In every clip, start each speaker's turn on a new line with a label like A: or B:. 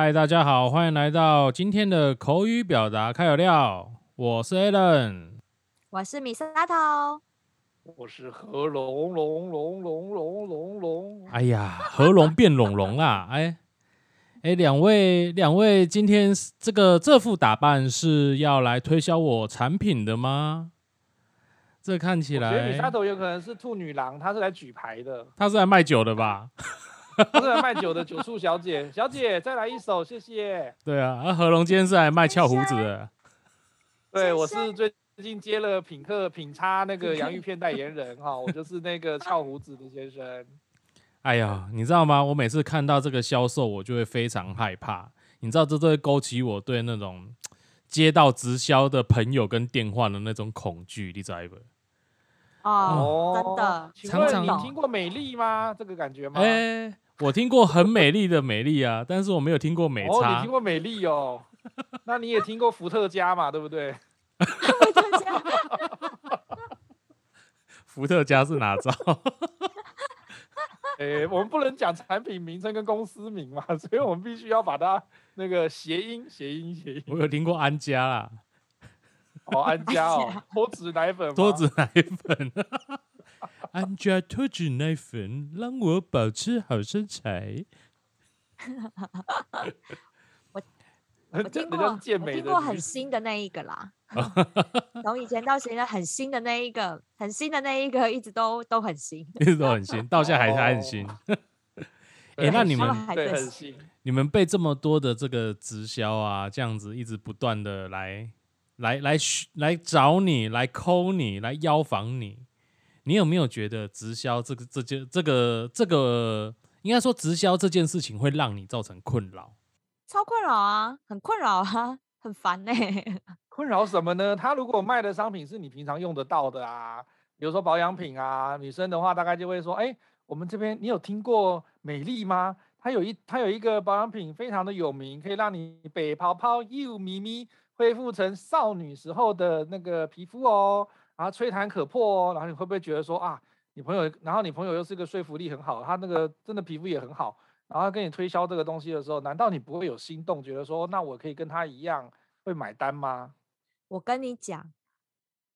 A: 嗨，大家好，歡迎來到今天的口語表達卡有料。我是 Alan，
B: 我是 MISATO，
C: 我是和龍龍龍龍龍
A: 龍龍。哎呀，和龍變龍龍啊！ 哎哎，兩位兩位，今天這個這副打扮是要來推銷我產品的嗎？這看起來，我覺得 MISATO
C: 有可能是兔女郎，她是來舉牌的，
A: 她是來賣酒的吧？
C: 不 是賣酒的酒促小姐，小姐再來一首，謝謝。
A: 對啊，和龍今天是來賣翹鬍子的，謝謝謝
C: 謝。對，我是最近接了品客品差那個洋芋片代言人哈， 我就是那個翹鬍子的先生。
A: 哎呀，你知道嗎？我每次看到這個銷售，我就會非常害怕。你知道這都會勾起我對那種接到直銷的朋友跟電話的那種恐懼，你知道不？
D: 哦、oh, oh,，真的？請問你聽
C: 過美麗嗎長長？這個感覺嗎？哎、欸，
A: 我聽過很美麗的美麗啊， 但是我沒有聽過美茶、哦。你聽過
C: 美麗哦、喔？ 那你也聽過伏特加嘛？對不對？
A: 伏 特加。是哪招？
C: 哎、 欸，我們不能講產品名稱跟公司名嘛，所以我們必須要把它那個諧音，諧 音，諧音。我
A: 有聽過安家啦。
D: 好、哦、安家哦，脫脂奶，奶
A: 粉。脫 脂 奶粉，安家脫脂奶粉讓我保持好身材。 我我，我聽
D: 過，我聽過很新
B: 的那一個啦。從 以前到現在，很新的那一個，很新的那一個，一直都都很新，
A: 一直都很新，到現在還是、哦 欸、很新。哎，那你們對，對很新？你們被這麼多的這個直銷啊，這樣子一直不斷的來。來來來，來來找你來摳你來邀訪你，你有沒有覺得直銷這個這件這個這個、這個、應該說直銷這件事情會讓你造成困
B: 擾？超困擾啊，很困擾啊，很煩呢、欸。困擾什麼呢？
C: 他如果賣的商品是你平常用得到的啊，比如說保養品啊，女生的話大概就會說：哎，我們這邊你有聽過美麗嗎？它有一它有一個保養品非常的有名，可以讓你白泡泡幼咪咪。恢復成少女時候的那個皮膚哦，然後吹彈可破哦，然後你會不會覺得說啊，你朋友，然後你朋友又是個說服力很好，他那個真的皮膚也很好，然後跟你推銷這個東西的時候，難道你不會有心動，覺得說那我可以跟他一樣會買單嗎？
B: 我跟你講，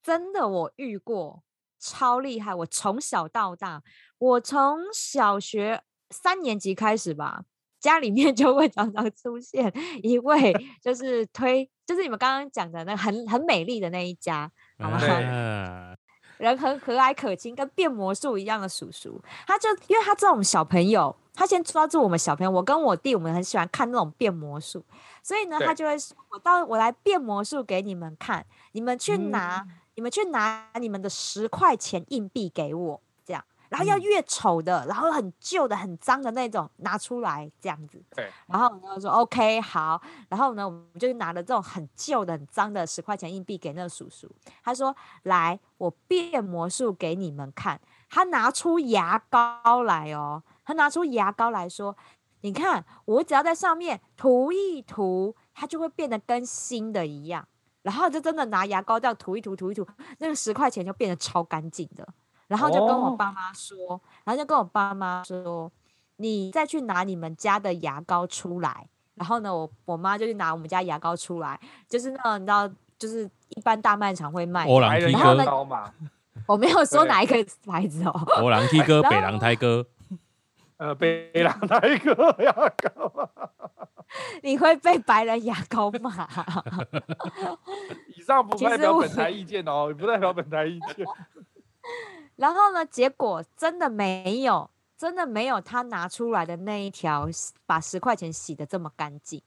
B: 真的我遇過超厲害，我從小到大，我從小學三年級開始吧。家裡面就會常常出現一位，就是推， 就是你們剛剛講的那很很美麗的那一家，好 嗎、啊啊？人很和藹可親，跟變魔術一樣的叔叔，他就因為他知道我們小朋友，他先抓住我們小朋友。我跟我弟，我們很喜歡看那種變魔術，所以呢，他就會說：“我到我來變魔術給你們看，你們去拿、嗯，你們去拿你們的十塊錢硬幣給我。”然後要越醜的、嗯，然後很舊的、很髒的那種拿出來，這樣子。對、嗯。然後我就說 OK，好。然後呢，我就拿了這種很舊的、很髒的十塊錢硬幣給那個叔叔。他說：“來，我變魔術給你們看。”他拿出牙膏來哦，他拿出牙膏來哦，他拿出牙膏來說：“你看，我只要在上面塗一塗，它就會變得跟新的一樣。”然後就真的拿牙膏這樣塗一塗、塗一塗，那個十塊錢就變得超乾淨的。然後就跟我爸媽說，oh. 然後就跟我爸媽說，你再去拿你們家的牙膏出來。然後呢，我我媽就去拿我們家牙膏出來，就是那種你知道，就是一般大賣場會賣。歐朗 T 哥牙膏嘛，我沒有說哪一個牌子哦。歐朗 T 哥、北狼胎哥，呃，北狼
A: 胎哥
C: 牙膏。
B: 你會背白人牙膏嗎？ 以上不代表本台意
C: 見哦，不代表本台意見。
B: 然後呢，結果真的沒有，真的沒有他拿出來的那一條把十塊錢洗得這麼乾淨。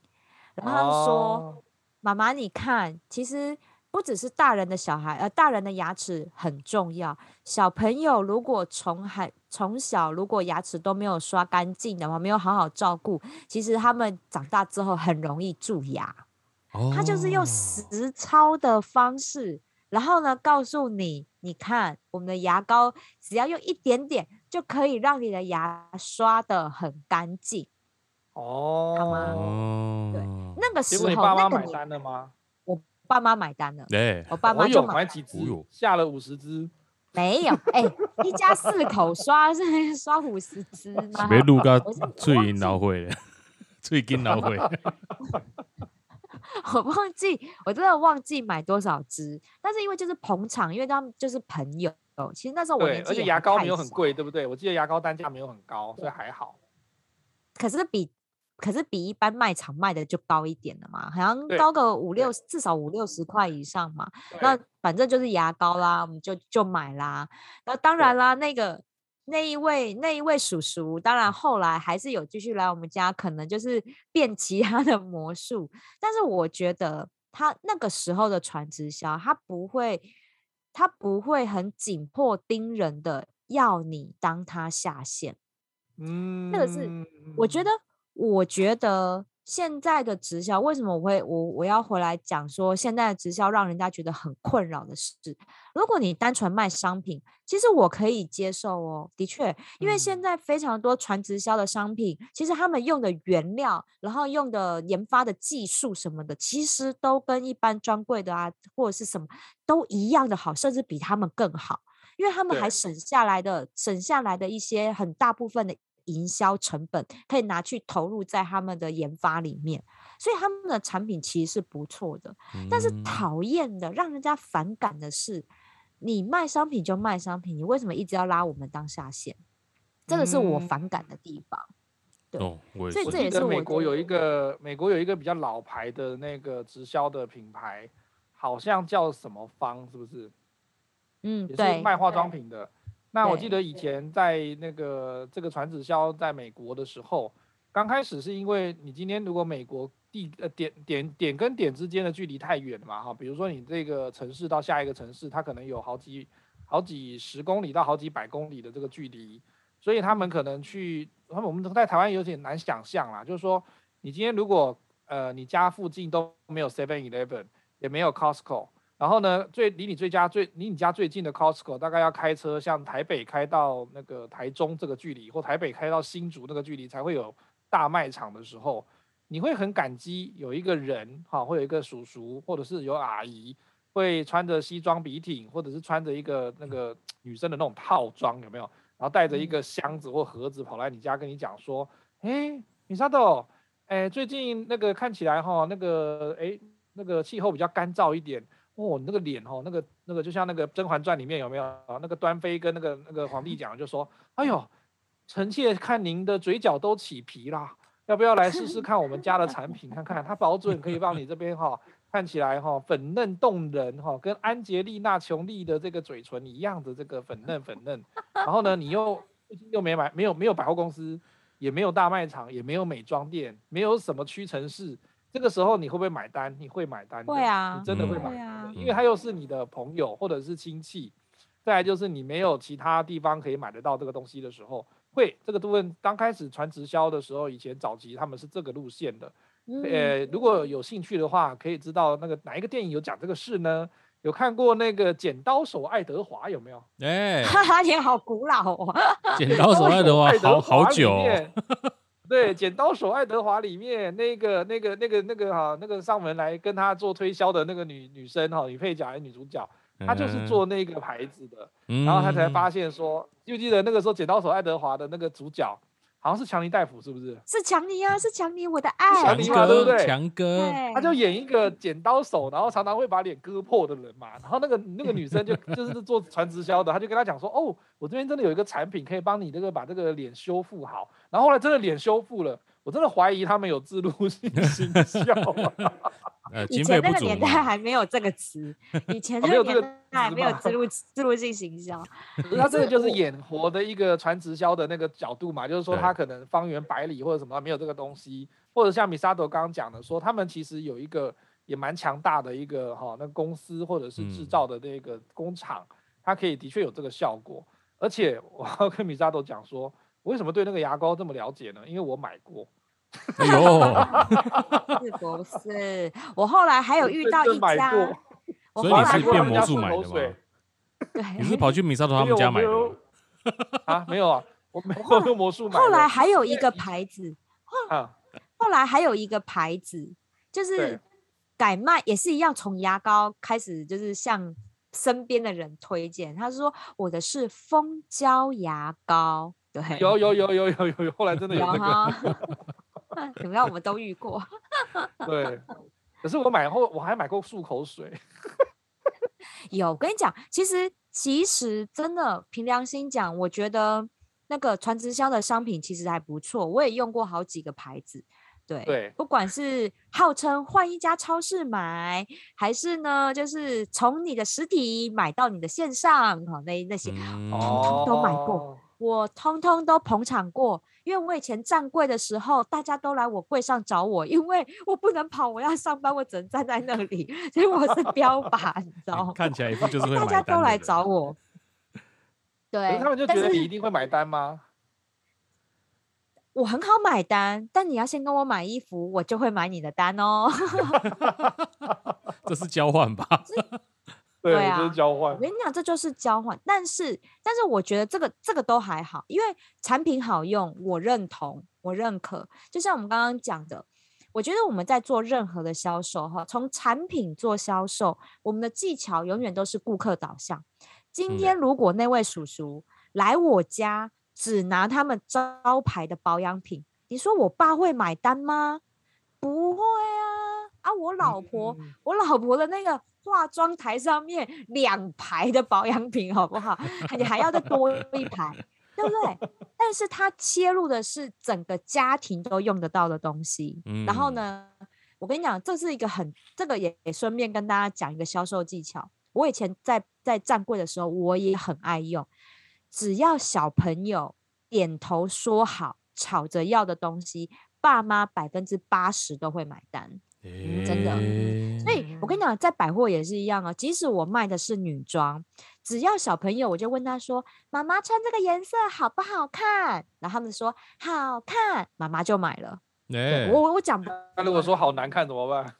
B: 然後他說：“ oh. 媽媽，你看，其實不只是大人的小孩，呃，大人的牙齒很重要。小朋友如果從孩從小如果牙齒都沒有刷乾淨的話，然後沒有好好照顧，其實他們長大之後很容易蛀牙。
D: 他就是用
B: 實操的方式，oh. 然後呢，告訴你。”你看，我們的牙膏只要用一點點，就可以讓你的牙刷得很乾淨哦、啊，那個時候，你爸媽買單了嗎？那個、我爸媽買單了，對、欸，我爸媽就買了。
C: 幾支，下了五十支，
B: 沒有，哎、欸，一家四口刷是 刷五十支嗎？別錄到，我
A: 最惱火的？最最惱火。
B: 我忘記，我真的忘記買多少支，但是因為就是捧場，因為他們就是朋友。其實那時候我，而且牙膏沒有很貴，
C: 對不對？我記得牙膏單價沒有很高，所以還好。
B: 可是比，可是比一般賣場賣的就高一點了嘛，好像高個五六，至少五六十塊以上嘛。那反正就是牙膏啦，我們就就買啦。然後當然啦，那個。那一位，那一位叔叔，當然後來還是有繼續來我們家，可能就是變其他的魔術。但是我覺得他那個時候的傳直銷，他不會，他不會很緊迫盯人的要你當他下線。
D: 嗯，這、那個是
B: 我覺得，我覺得。現在的直銷為什麼我會我我要回來講說，現在的直銷讓人家覺得很困擾的事。如果你單純賣商品，其實我可以接受哦。的確，因為現在非常多傳直銷的商品，嗯、其實他們用的原料，然後用的研發的技術什麼的，其實都跟一般專櫃的啊或者是什麼都一樣的好，甚至比他們更好，因為他們還省下來的省下來的一些很大部分的。營銷成本可以拿去投入在他們的研發裡面，所以他們的產品其實是不錯的。但是討厭的、讓人家反感的是，你賣商品就賣商品，你為什麼一直要拉我們當下線？這個是我反感的地方。對、嗯，所以這也是我記得美國有
C: 一個美國有一個比較老牌的那個直銷的品牌，好像叫什麼方，是不是？
D: 嗯，對，賣化妝品的、嗯。那我記得以前
C: 在那個這個傳直銷在美國的時候，剛開始是因為你今天如果美國地，呃，點點點跟點之間的距離太遠嘛哈，比如說你這個城市到下一個城市，它可能有好幾好幾十公里到好幾百公里的這個距離，所以他們可能去他們，我們在台灣有點難想象了，就是說你今天如果呃你家附近都沒有 Seven Eleven 也沒有 Costco。然後呢，最離你最家最離你家最近的 Costco 大概要開車，像台北開到那個臺中這個距離，或台北開到新竹那個距離，才會有大賣場的時候，你會很感激有一個人哈、哦，會有一個叔叔，或者是有阿姨，會穿着西裝筆挺，或者是穿着一個那個女生的那種套裝，有沒有？然後帶着一個箱子或盒子跑來你家跟你講說，嗯、誒，MISATO，哎，最近那個看起來哈、哦，那個誒，那個氣候比較乾燥一點。哦，那個臉哦，那個那個就像那個《甄嬛傳》裡面有沒有啊？那個端妃跟那個那個皇帝講，就說：“哎呦，臣妾看您的嘴角都起皮啦，要不要來試試看我們家的產品？看看它保準可以讓你這邊哈、哦、看起來哈、哦、粉嫩動人哈、哦，跟安潔莉娜裘莉的這個嘴唇一樣的這個粉嫩粉嫩。然後呢，你又又沒買，沒有沒有百貨公司，也沒有大賣場，也沒有美妝店，沒有什麼屈臣氏。”這個時候你會不會買單？你會買單？會啊，你真的會買啊、嗯，
D: 因為他又是
C: 你的朋友或者是親戚、嗯，再來就是你沒有其他地方可以買得到這個東西的時候，會。這個部分剛開始傳直銷的時候，以前早期他們是這個路線的。嗯、呃，如果有興趣的話，可以知道那個哪一個電影有講這個事呢？有看過那個《剪刀手愛德華》有沒
D: 有？
B: 哎，也好古老哦。剪刀手愛德華， 德華好好久。 對，《剪刀手
C: 愛德華》裡面那個、那個、那個、那個哈、那個啊，那個上門來跟他做推銷的那個女女生哈、啊，女配角還是女主角，她就是做那個牌子的，嗯、然後她才發現說，就記得那個時候《剪刀手愛德華》的那個主角。好像是強尼戴普是不是？
B: 是強尼啊，是強尼，我的愛。強尼嘛、啊啊啊，對不對？強哥，他就
C: 演一個剪刀手，然後常常會把臉割破的人嘛。然後那個那個女生就 就是做傳直銷的，他就跟他講說：“哦，我這邊真的有一個產品可以幫你這個把這個臉修復好。”然後後來真的臉修復了。我真的懷疑他們有自錄性行
B: 銷、啊 欸。以前那個年代還沒有這個詞，以前那個年代還沒有自錄自錄性行銷。那這個就是演活
C: 的一個傳直銷的那個角度嘛， 就是說他可能方圓百里或者什麼、啊、沒有這個東西，或者像 MISATO 剛剛講的說，說他們其實有一個也蠻強大的一個哈、喔、那個、公司或者是製造的那個工廠，他、嗯、可以的確有這個效果。而且我跟 MISATO 講說。為什麼對那個牙膏這麼了
D: 解呢？因為我
B: 買過。 哎、呦 是不是？我後來還
D: 有遇到一家。所以你是
C: 變魔術買的嗎？對，
B: 你是跑
A: 去米莎朵他們家買的嗎？啊，
C: 沒有啊，我沒有。變魔術。後來還有一個
B: 牌子，後來還有一個牌子，就是改賣也是一樣，從牙膏開始，就是向身邊的人推薦。他是說我的是蜂膠牙膏。對有，有有
C: 有有有有，後來真的
B: 有那個 怎麼樣？我們都遇過 。
C: 對，可是我買後我還買過漱口水 。
B: 有，跟你講，其實其實真的憑良心講，我覺得那個傳直銷的商品其實還不錯。我也用過好幾個牌子，對，對，不管是號稱換一家超市買，還是呢，就是從你的實體買到你的線上，哈、哦，那那些、嗯、統統都買過。哦。我通通都捧場過，因為我以前站櫃的時候，大家都來我櫃上找我，因為我不能跑，我要上班，我只能站在那裡，所以我是標靶，你知道
C: 嗎？ 看起來不就是會買單 大家都來
B: 找我。 對，他們就覺得你一
C: 定會買單嗎？
B: 我很好買單，但你要先跟我買衣服，我就會買你的單哦。
A: 這是交換吧？ 對，對啊，交換。我
B: 跟你講，這就是交換。但是，但是我覺得這個這個都還好，因為產品好用，我認同，我認可。就像我們剛剛講的，我覺得我們在做任何的銷售哈，從產品做銷售，我們的技巧永遠都是顧客導向。今天如果那位叔叔來我家，只拿他們招牌的保養品，嗯，你說我爸會買單嗎？不會啊！啊，我老婆，嗯，我老婆的那個。化妝台上面兩排的保養品好不好？你還要再多一排， 對不對？但是它切入的是整個家庭都用得到的東西，嗯。然後呢，我跟你講，這是一個很……這個也順便跟大家講一個銷售技巧。我以前在在站櫃的時候，我也很愛用。只要小朋友點頭說好，吵着要的東西，爸媽百分之八十都會買單。
D: 嗯、真的，所
B: 以我跟你講，在百貨也是一樣啊、哦。即使我賣的是女裝，只要小朋友，我就問他說：“媽媽穿這個顏色好不好看？”然後他們說好看，媽媽就買
D: 了。欸、對，
B: 我我講，
C: 那如果說好難看怎麼辦？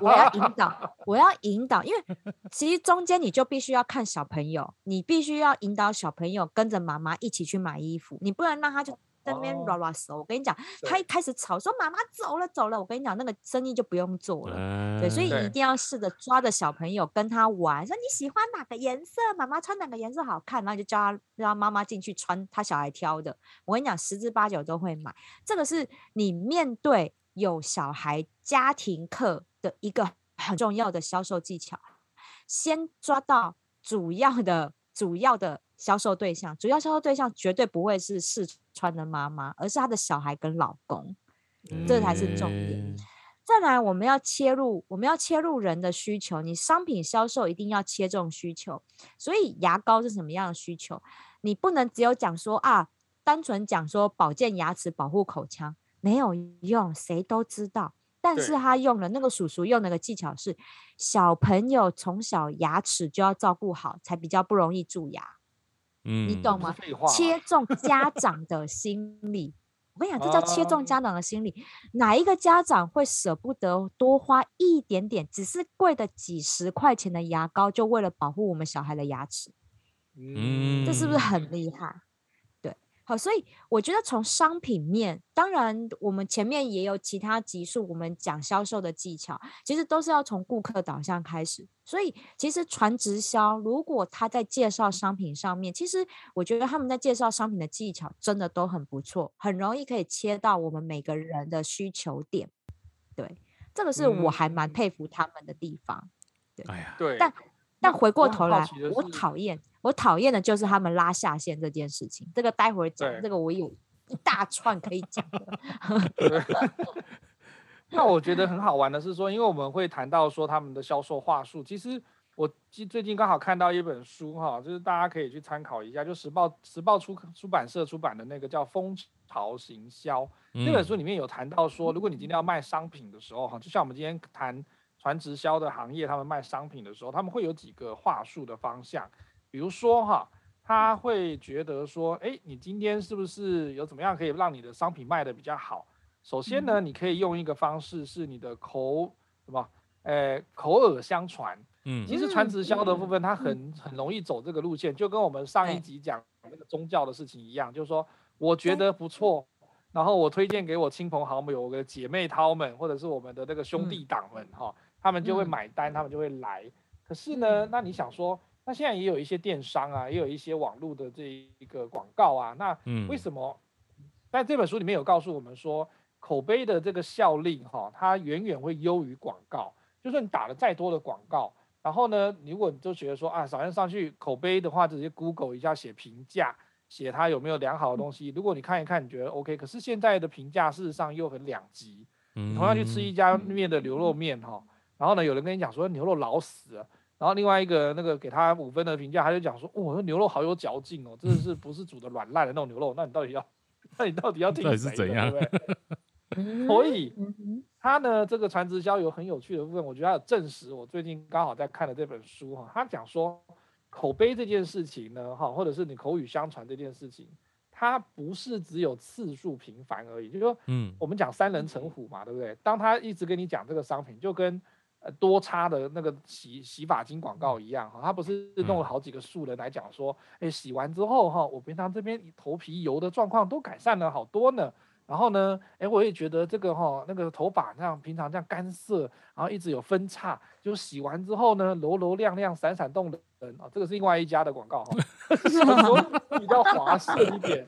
B: 我要引導，我要引導，因為其實中間你就必須要看小朋友，你必須要引導小朋友跟着媽媽一起去買衣服，你不能讓他就。那邊拉拉手，我跟你講，so、他一開始吵說媽媽走了走了，我跟你講那個生意就不用做了、嗯，對，所以一定要試着抓着小朋友跟他玩，說你喜歡哪個顏色，媽媽穿哪個顏色好看，然後就叫他讓媽媽進去穿他小孩挑的，我跟你講十之八九都會買，這個是你面對有小孩家庭課的一個很重要的銷售技巧，先抓到主要的主要的。銷售對象，主要銷售對象絕對不會是四川的媽媽，而是他的小孩跟老公，
D: 這才是重
B: 點。嗯、再來，我們要切入，我們要切入人的需求。你商品銷售一定要切中需求。所以牙膏是什麼樣的需求？你不能只有講說啊，單純講說保健牙齒、保護口腔沒有用，誰都知道。但是他用了那個叔叔用那個技巧是，小朋友從小牙齒就要照顧好，才比較不容易蛀牙。
D: 嗯、你懂嗎？啊、切
B: 中家長的心理， 我跟你講，這叫切中家長的心理。啊、哪一個家長會捨不得多花一點點，只是貴的幾十塊錢的牙膏，就為了保護我們小孩的牙齒？嗯，
D: 這是不是很
B: 厲害？好，所以我覺得從商品面，當然我們前面也有其他集數，我們講銷售的技巧，其實都是要從顧客導向開始。所以其實傳直銷，如果他在介紹商品上面，其實我覺得他們在介紹商品的技巧真的都很不錯，很容易可以切到我們每個人的需求點。對，這個是我還蠻佩服他們的地方。
D: 嗯、對，對，哎呀，對。
B: 但回過頭來我，我討厭，我討厭的就是他們拉下線這件事情。這個待會兒講，這個我有一大串可以講的。
C: 對 那我覺得很好玩的是說，因為我們會談到說他們的銷售話術。其實我最近剛好看到一本書哈，就是大家可以去參考一下，就時報時報出出版社出版的那個叫《風潮行銷》那、嗯、本書裡面有談到說，如果你今天要賣商品的時候哈，就像我們今天談。傳直銷的行業，他們賣商品的時候，他們會有幾個話術的方向，比如說哈，他會覺得說，誒、欸，你今天是不是有怎麼樣可以讓你的商品賣得比較好？首先呢、嗯，你可以用一個方式是你的口什麼，誒、欸，口耳相傳、嗯。其實傳直銷的部分，它很很容易走這個路線，就跟我們上一集講那個宗教的事情一樣，欸、就是說，我覺得不錯，然後我推薦給我親朋好友、我的姐妹淘們，或者是我們的那個兄弟黨們、嗯，哈。他們就會買單、嗯，他們就會來。可是呢、嗯，那你想說，那現在也有一些電商啊，也有一些網絡的這一個廣告啊，那為什麼？在、嗯、這本書裡面有告訴我們說，口碑的這個效力哈、哦，它遠遠會優於廣告。就算、是、你打了再多的廣告，然後呢，如果你就覺得說啊，早上上去口碑的話，直接 Google 一下寫評價，寫它有沒有良好的東西。嗯、如果你看一看，你覺得 OK，可是現在的評價事實上又很兩極、
D: 嗯。同樣去
C: 吃一家麵的牛肉麵哈。然後呢，有人跟你講說牛肉老死了，然後另外一個那個給他五分的評價，他就講說，哇、哦，牛肉好有嚼勁哦，真的是不是煮得軟爛的那種牛肉？那你到底要，那你到底要聽誰？到底是怎樣？對對 所以他呢，這個傳直銷有很有趣的部分，我覺得他有證實我最近剛好在看的這本書哈，他講說口碑這件事情呢，哈，或者是你口語相傳這件事情，它不是只有次數頻繁而已，就說，嗯，我們講三人成虎嘛，對不對？當他一直跟你講這個商品，就跟多差的那個洗洗髮精廣告一樣哈、哦，他不是弄了好幾個素人來講說，嗯、誒洗完之後哈、哦，我平常這邊頭皮油的狀況都改善了好多呢。然後呢，誒我也覺得這個哈、哦，那個頭髮這樣平常這樣乾澀，然後一直有分叉，就洗完之後呢，柔柔亮亮、閃閃動人啊、哦。這個是另外一家的廣告哈、哦， 比較滑順一點。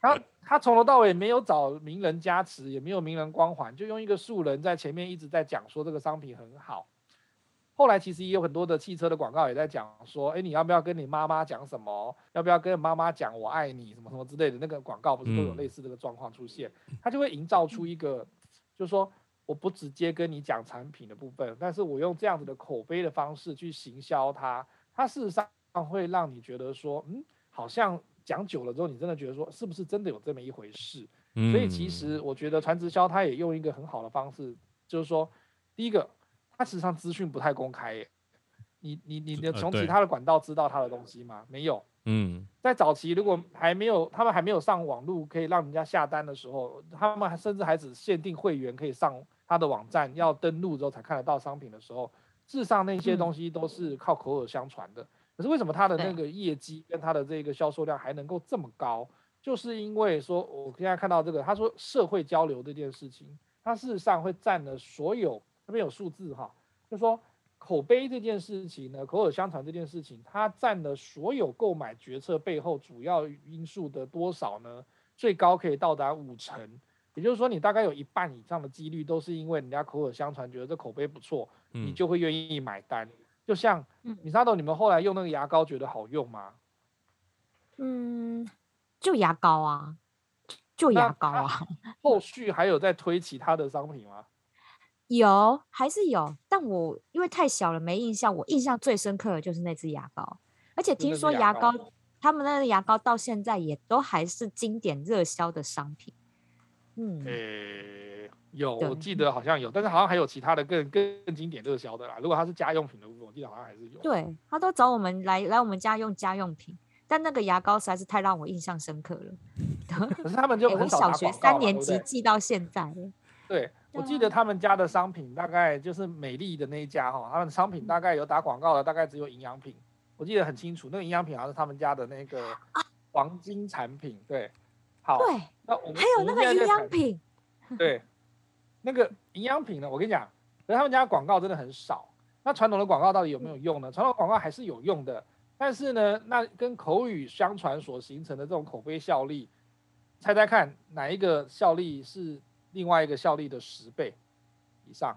C: 然後。他從頭到尾沒有找名人加持，也沒有名人光環，就用一個素人在前面一直在講說這個商品很好。後來其實也有很多的汽車的廣告也在講說，哎，你要不要跟你媽媽講什麼？要不要跟你媽媽講我愛你？什麼什麼之類的那個廣告，不是都有類似的這個狀況出現？他就會營造出一個，就是說我不直接跟你講產品的部分，但是我用這樣子的口碑的方式去行銷它，它事實上會讓你覺得說，嗯，好像。講久了之後，你真的覺得說是不是真的有這麼一回事？所以其實我覺得傳直銷，他也用一個很好的方式，就是說，第一個，他實際上資訊不太公開耶。你你你的從其他的管道知道他的東西嗎？沒有。嗯。在早期如果還沒有他們還沒有上網路，可以讓人家下單的時候，他們甚至還只限定會員可以上他的網站，要登錄之後才看得到商品的時候，至少那些東西都是靠口耳相傳的。嗯。嗯是為什麼他的那個業績跟他的這個銷售量還能夠這麼高？就是因為說，我現在看到這個，他說社會交流這件事情，它事實上會占了所有他沒有數字哈，就說口碑這件事情呢，口耳相傳這件事情，它占了所有購買決策背後主要因素的多少呢？最高可以到達五成，也就是說你大概有一半以上的幾率都是因為人家口耳相傳，覺得這口碑不錯，你就會願意買單。嗯就像 MISATO，你們後來用那個牙膏覺得好用嗎？嗯，
B: 就牙膏啊，
C: 就牙膏啊。後續還有再推其他的商品嗎？
B: 有，還是有。但我因為太小了沒印象，我印象最深刻的就是那支牙膏。而且聽說牙膏，牙膏，他們那個牙膏到現在也都還是經典熱銷的商品。
C: 嗯，誒，有，我記得好像有，但是好像還有其他的更更更經典熱銷的啦。如果他是家用品的部分，我記得好像還是有。對，
B: 他都找我們來、嗯、來我們家用家用品，但那個牙膏實在是太讓我印象深刻了。可是他們就從 小學三年級記到現在。對，
C: 對、啊，我記得他們家的商品，大概就是美麗的那一家哈、哦，他們商品，大概有打廣告的、嗯，大概只有營養品。我記得很清楚，那個營養品好像是他們家的那個黃金產品，啊、對。好對，那我們還有那個營養
D: 品，
C: 對，那個營養品呢，我跟你講，其實他們家廣告真的很少。那傳統的廣告到底有沒有用呢、嗯？傳統廣告還是有用的，但是呢，那跟口語相傳所形成的這種口碑效力，猜猜看哪一個效力是另外一個效力的十倍以上？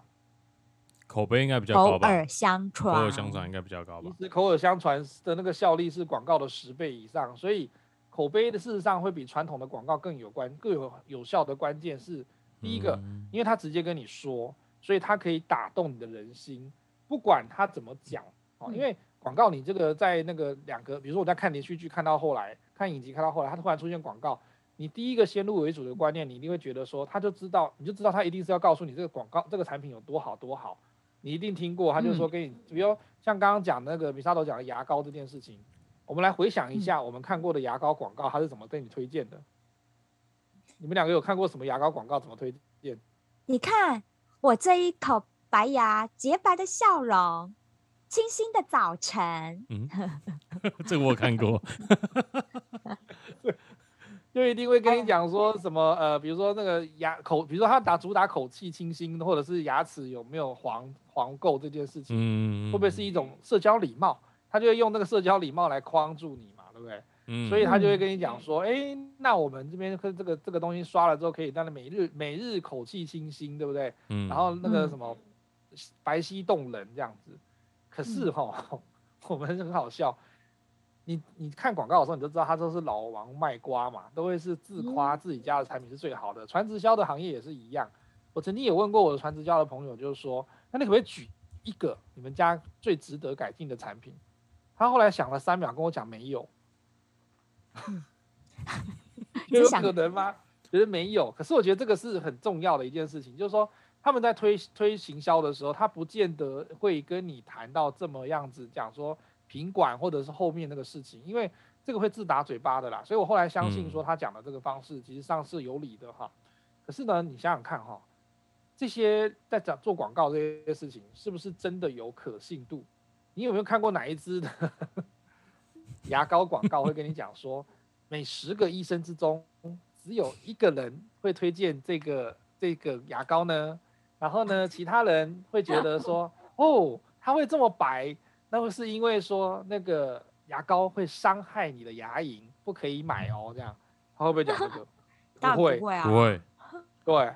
A: 口碑應該比較高吧？口耳相傳，口耳相傳應該比較高吧？其
C: 實口耳相傳的那個效力是廣告的十倍以上，所以。口碑的事實上會比傳統的廣告更有關更有有效的關鍵是第一個，因為它直接跟你說，所以它可以打動你的人心。不管他怎麼講哦，因為廣告你這個在那個兩個，比如說我在看連續劇看到後來看影集看到後來，他突然出現廣告，你第一個先入為主的觀念，你一定會覺得說他就知道你就知道他一定是要告訴你這個廣告這個產品有多好多好，你一定聽過他就說跟你，比如像剛剛講的那個 MISATO 講的牙膏這件事情。我們來回想一下，我們看過的牙膏廣告，嗯，它是怎麼對你推薦的？你們兩個有看過什麼牙膏廣告？怎麼推薦？
B: 你看我這一口白牙，潔白的笑容，清新的早晨。嗯、
A: 這個我看過。
B: 就一
C: 定會跟你講說什麼？呃，比如說那個牙口，比如說他打主打口氣清新，或者是牙齒有沒有黃黃垢這件事
D: 情，嗯，會不
C: 會是一種社交禮貌？他就會用那個社交禮貌來框住你嘛，對不對？嗯，
D: 所以他就會
C: 跟你講說，哎、欸，那我們這邊跟這個這個東西刷了之後，可以讓你每日每日口氣清新，對不對？嗯，然後那個什麼，嗯，白皙動人這樣子。可是哈，我們很好笑，你你看廣告的時候，你就知道他都是老王賣瓜嘛，都會是自誇自己家的產品是最好的。傳直銷的行業也是一樣。我曾經也問過我的傳直銷的朋友，就是說，那你可不可以舉一個你們家最值得改進的產品？他後來想了三秒，跟我講沒有， 有可能嗎？ 覺得沒有。可是我覺得這個是很重要的一件事情，就是說他們在推推行銷的時候，他不見得會跟你談到這麼樣子講說品管或者是後面那個事情，因為這個會自打嘴巴的啦。所以我後來相信說他講的這個方式，其實上是有理的哈。可是呢，你想想看哈，這些在講做廣告這些事情，是不是真的有可信度？你有沒有看過哪一支的 牙膏廣告會跟你講說，每十個醫生之中只有一個人會推薦這個這個牙膏呢？然後呢，其他人會覺得說， 哦，他會這麼白，那會是因為說那個牙膏會傷害你的牙齦，不可以買哦。這樣，他會不會講這個？ 不會，不會啊，不會，對，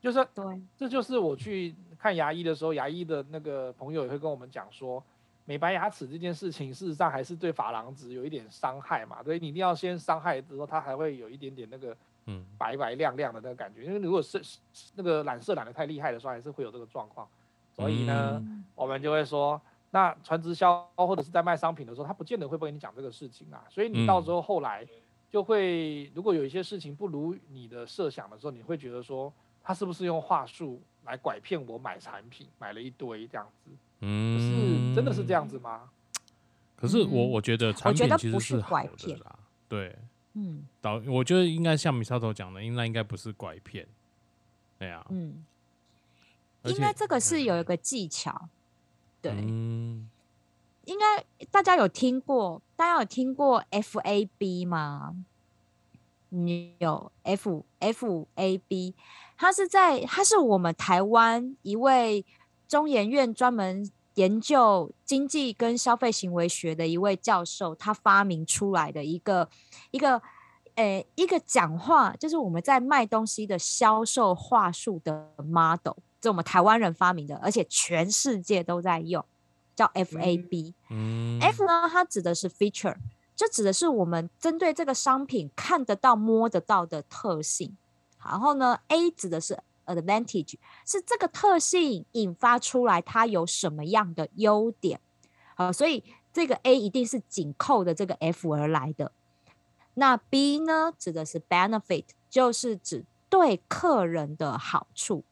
C: 就是對，這就是我去看牙醫的時候，牙醫的那個朋友也會跟我們講說。美白牙齒這件事情，事實上還是對琺瑯質有一點傷害嘛，所以你一定要先傷害的時候，它還會有一點點那個，嗯，白白亮亮的那個感覺。嗯、因為如果是那個染色染得太厲害的時候，還是會有這個狀況。所以呢、嗯，我們就會說，那傳直銷或者是在賣商品的時候，他不見得會不跟你講這個事情啊。所以你到時候後來就會，如果有一些事情不如你的設想的時候，你會覺得說，他是不是用話術來拐騙我買產品，買了一堆這樣子，
D: 是嗯。
A: 真的是這樣子嗎？嗯、可是我我覺得的，我覺得不是拐騙啦。對，嗯、導我覺得應該像 MISATO 講的，應該應該不是拐騙，對啊嗯，
B: 應該這個是有一個技巧。嗯、
D: 對，
B: 嗯、應該大家有聽過，大家有聽過 FAB 嗎？你有 F F F5, A B，他是在他是我們台灣一位中研院專門。研究經濟跟消費行為學的一位教授，他發明出來的一個一個呃一個講話，就是我們在賣東西的銷售話術的 model，這我們台灣人發明的，而且全世界都在用，叫 FAB。嗯，嗯，F 呢，它指的是 feature，就指的是我們針對這個商品看得到、摸得到的特性。然後呢，A 指的是。Advantage 是這個特性引發出來，它有什麼樣的優點？好，呃，所以這個 A 一定是緊扣的這個 F 而來的。那 B 呢？指的是 benefit，就是指對客人的好處，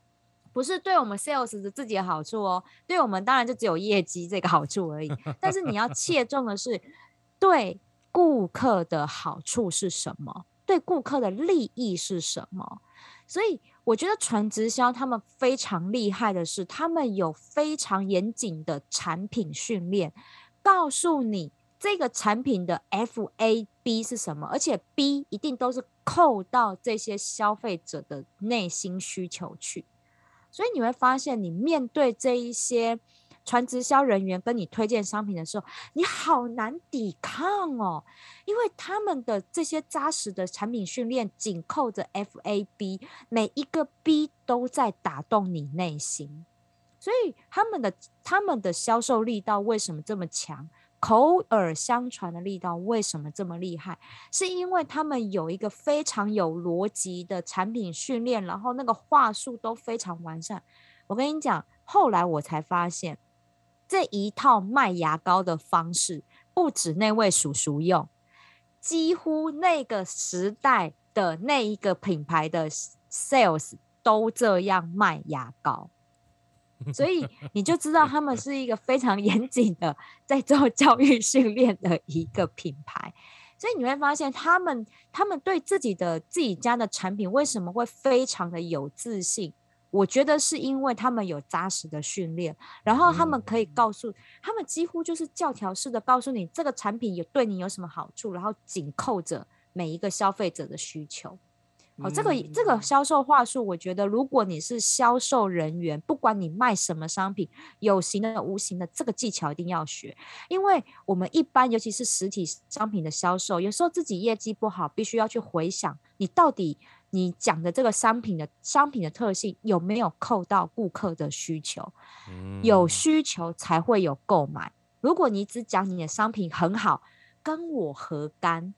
B: 不是對我們 sales 的自己的好處哦。對我們當然就只有業績這個好處而已。 但是你要切中的是對顧客的好處是什麼？對顧客的利益是什麼？所以。我覺得傳直銷他們非常厲害的是，他們有非常嚴謹的產品訓練，告訴你這個產品的 FAB 是什麼，而且 B 一定都是扣到這些消費者的內心需求去，所以你會發現，你面對這一些。傳直銷人員跟你推薦商品的時候，你好難抵抗哦，因為他們的這些紮實的產品訓練緊扣着 FAB，每一個 B 都在打動你內心。所以他們的他們的銷售力道為什麼這麼強？口耳相傳的力道為什麼這麼厲害？是因為他們有一個非常有邏輯的產品訓練，然後那個話術都非常完善。我跟你講，後來我才發現。這一套賣牙膏的方式，不止那位叔叔用，幾乎那個時代的那一個品牌的 sales 都這樣賣牙膏，所以你就知道他們是一個非常嚴謹的在做教育訓練的一個品牌，所以你會發現他們他們對自己的自己家的產品為什麼會非常的有自信。我覺得是因為他們有扎實的訓練，然後他們可以告訴他們幾乎就是教條式的告訴你這個產品有對你有什麼好處，然後緊扣着每一個消費者的需求。好、哦，這個這個銷售話術，我覺得如果你是銷售人員，不管你賣什麼商品，有形的、無形的，這個技巧一定要學，因為我們一般尤其是實體商品的銷售，有時候自己業績不好，必須要去回想你到底。你講的這個商品的商品的特性有沒有扣到顧客的需求，嗯？有需求才會有購買。如果你只講你的商品很好，跟我何干？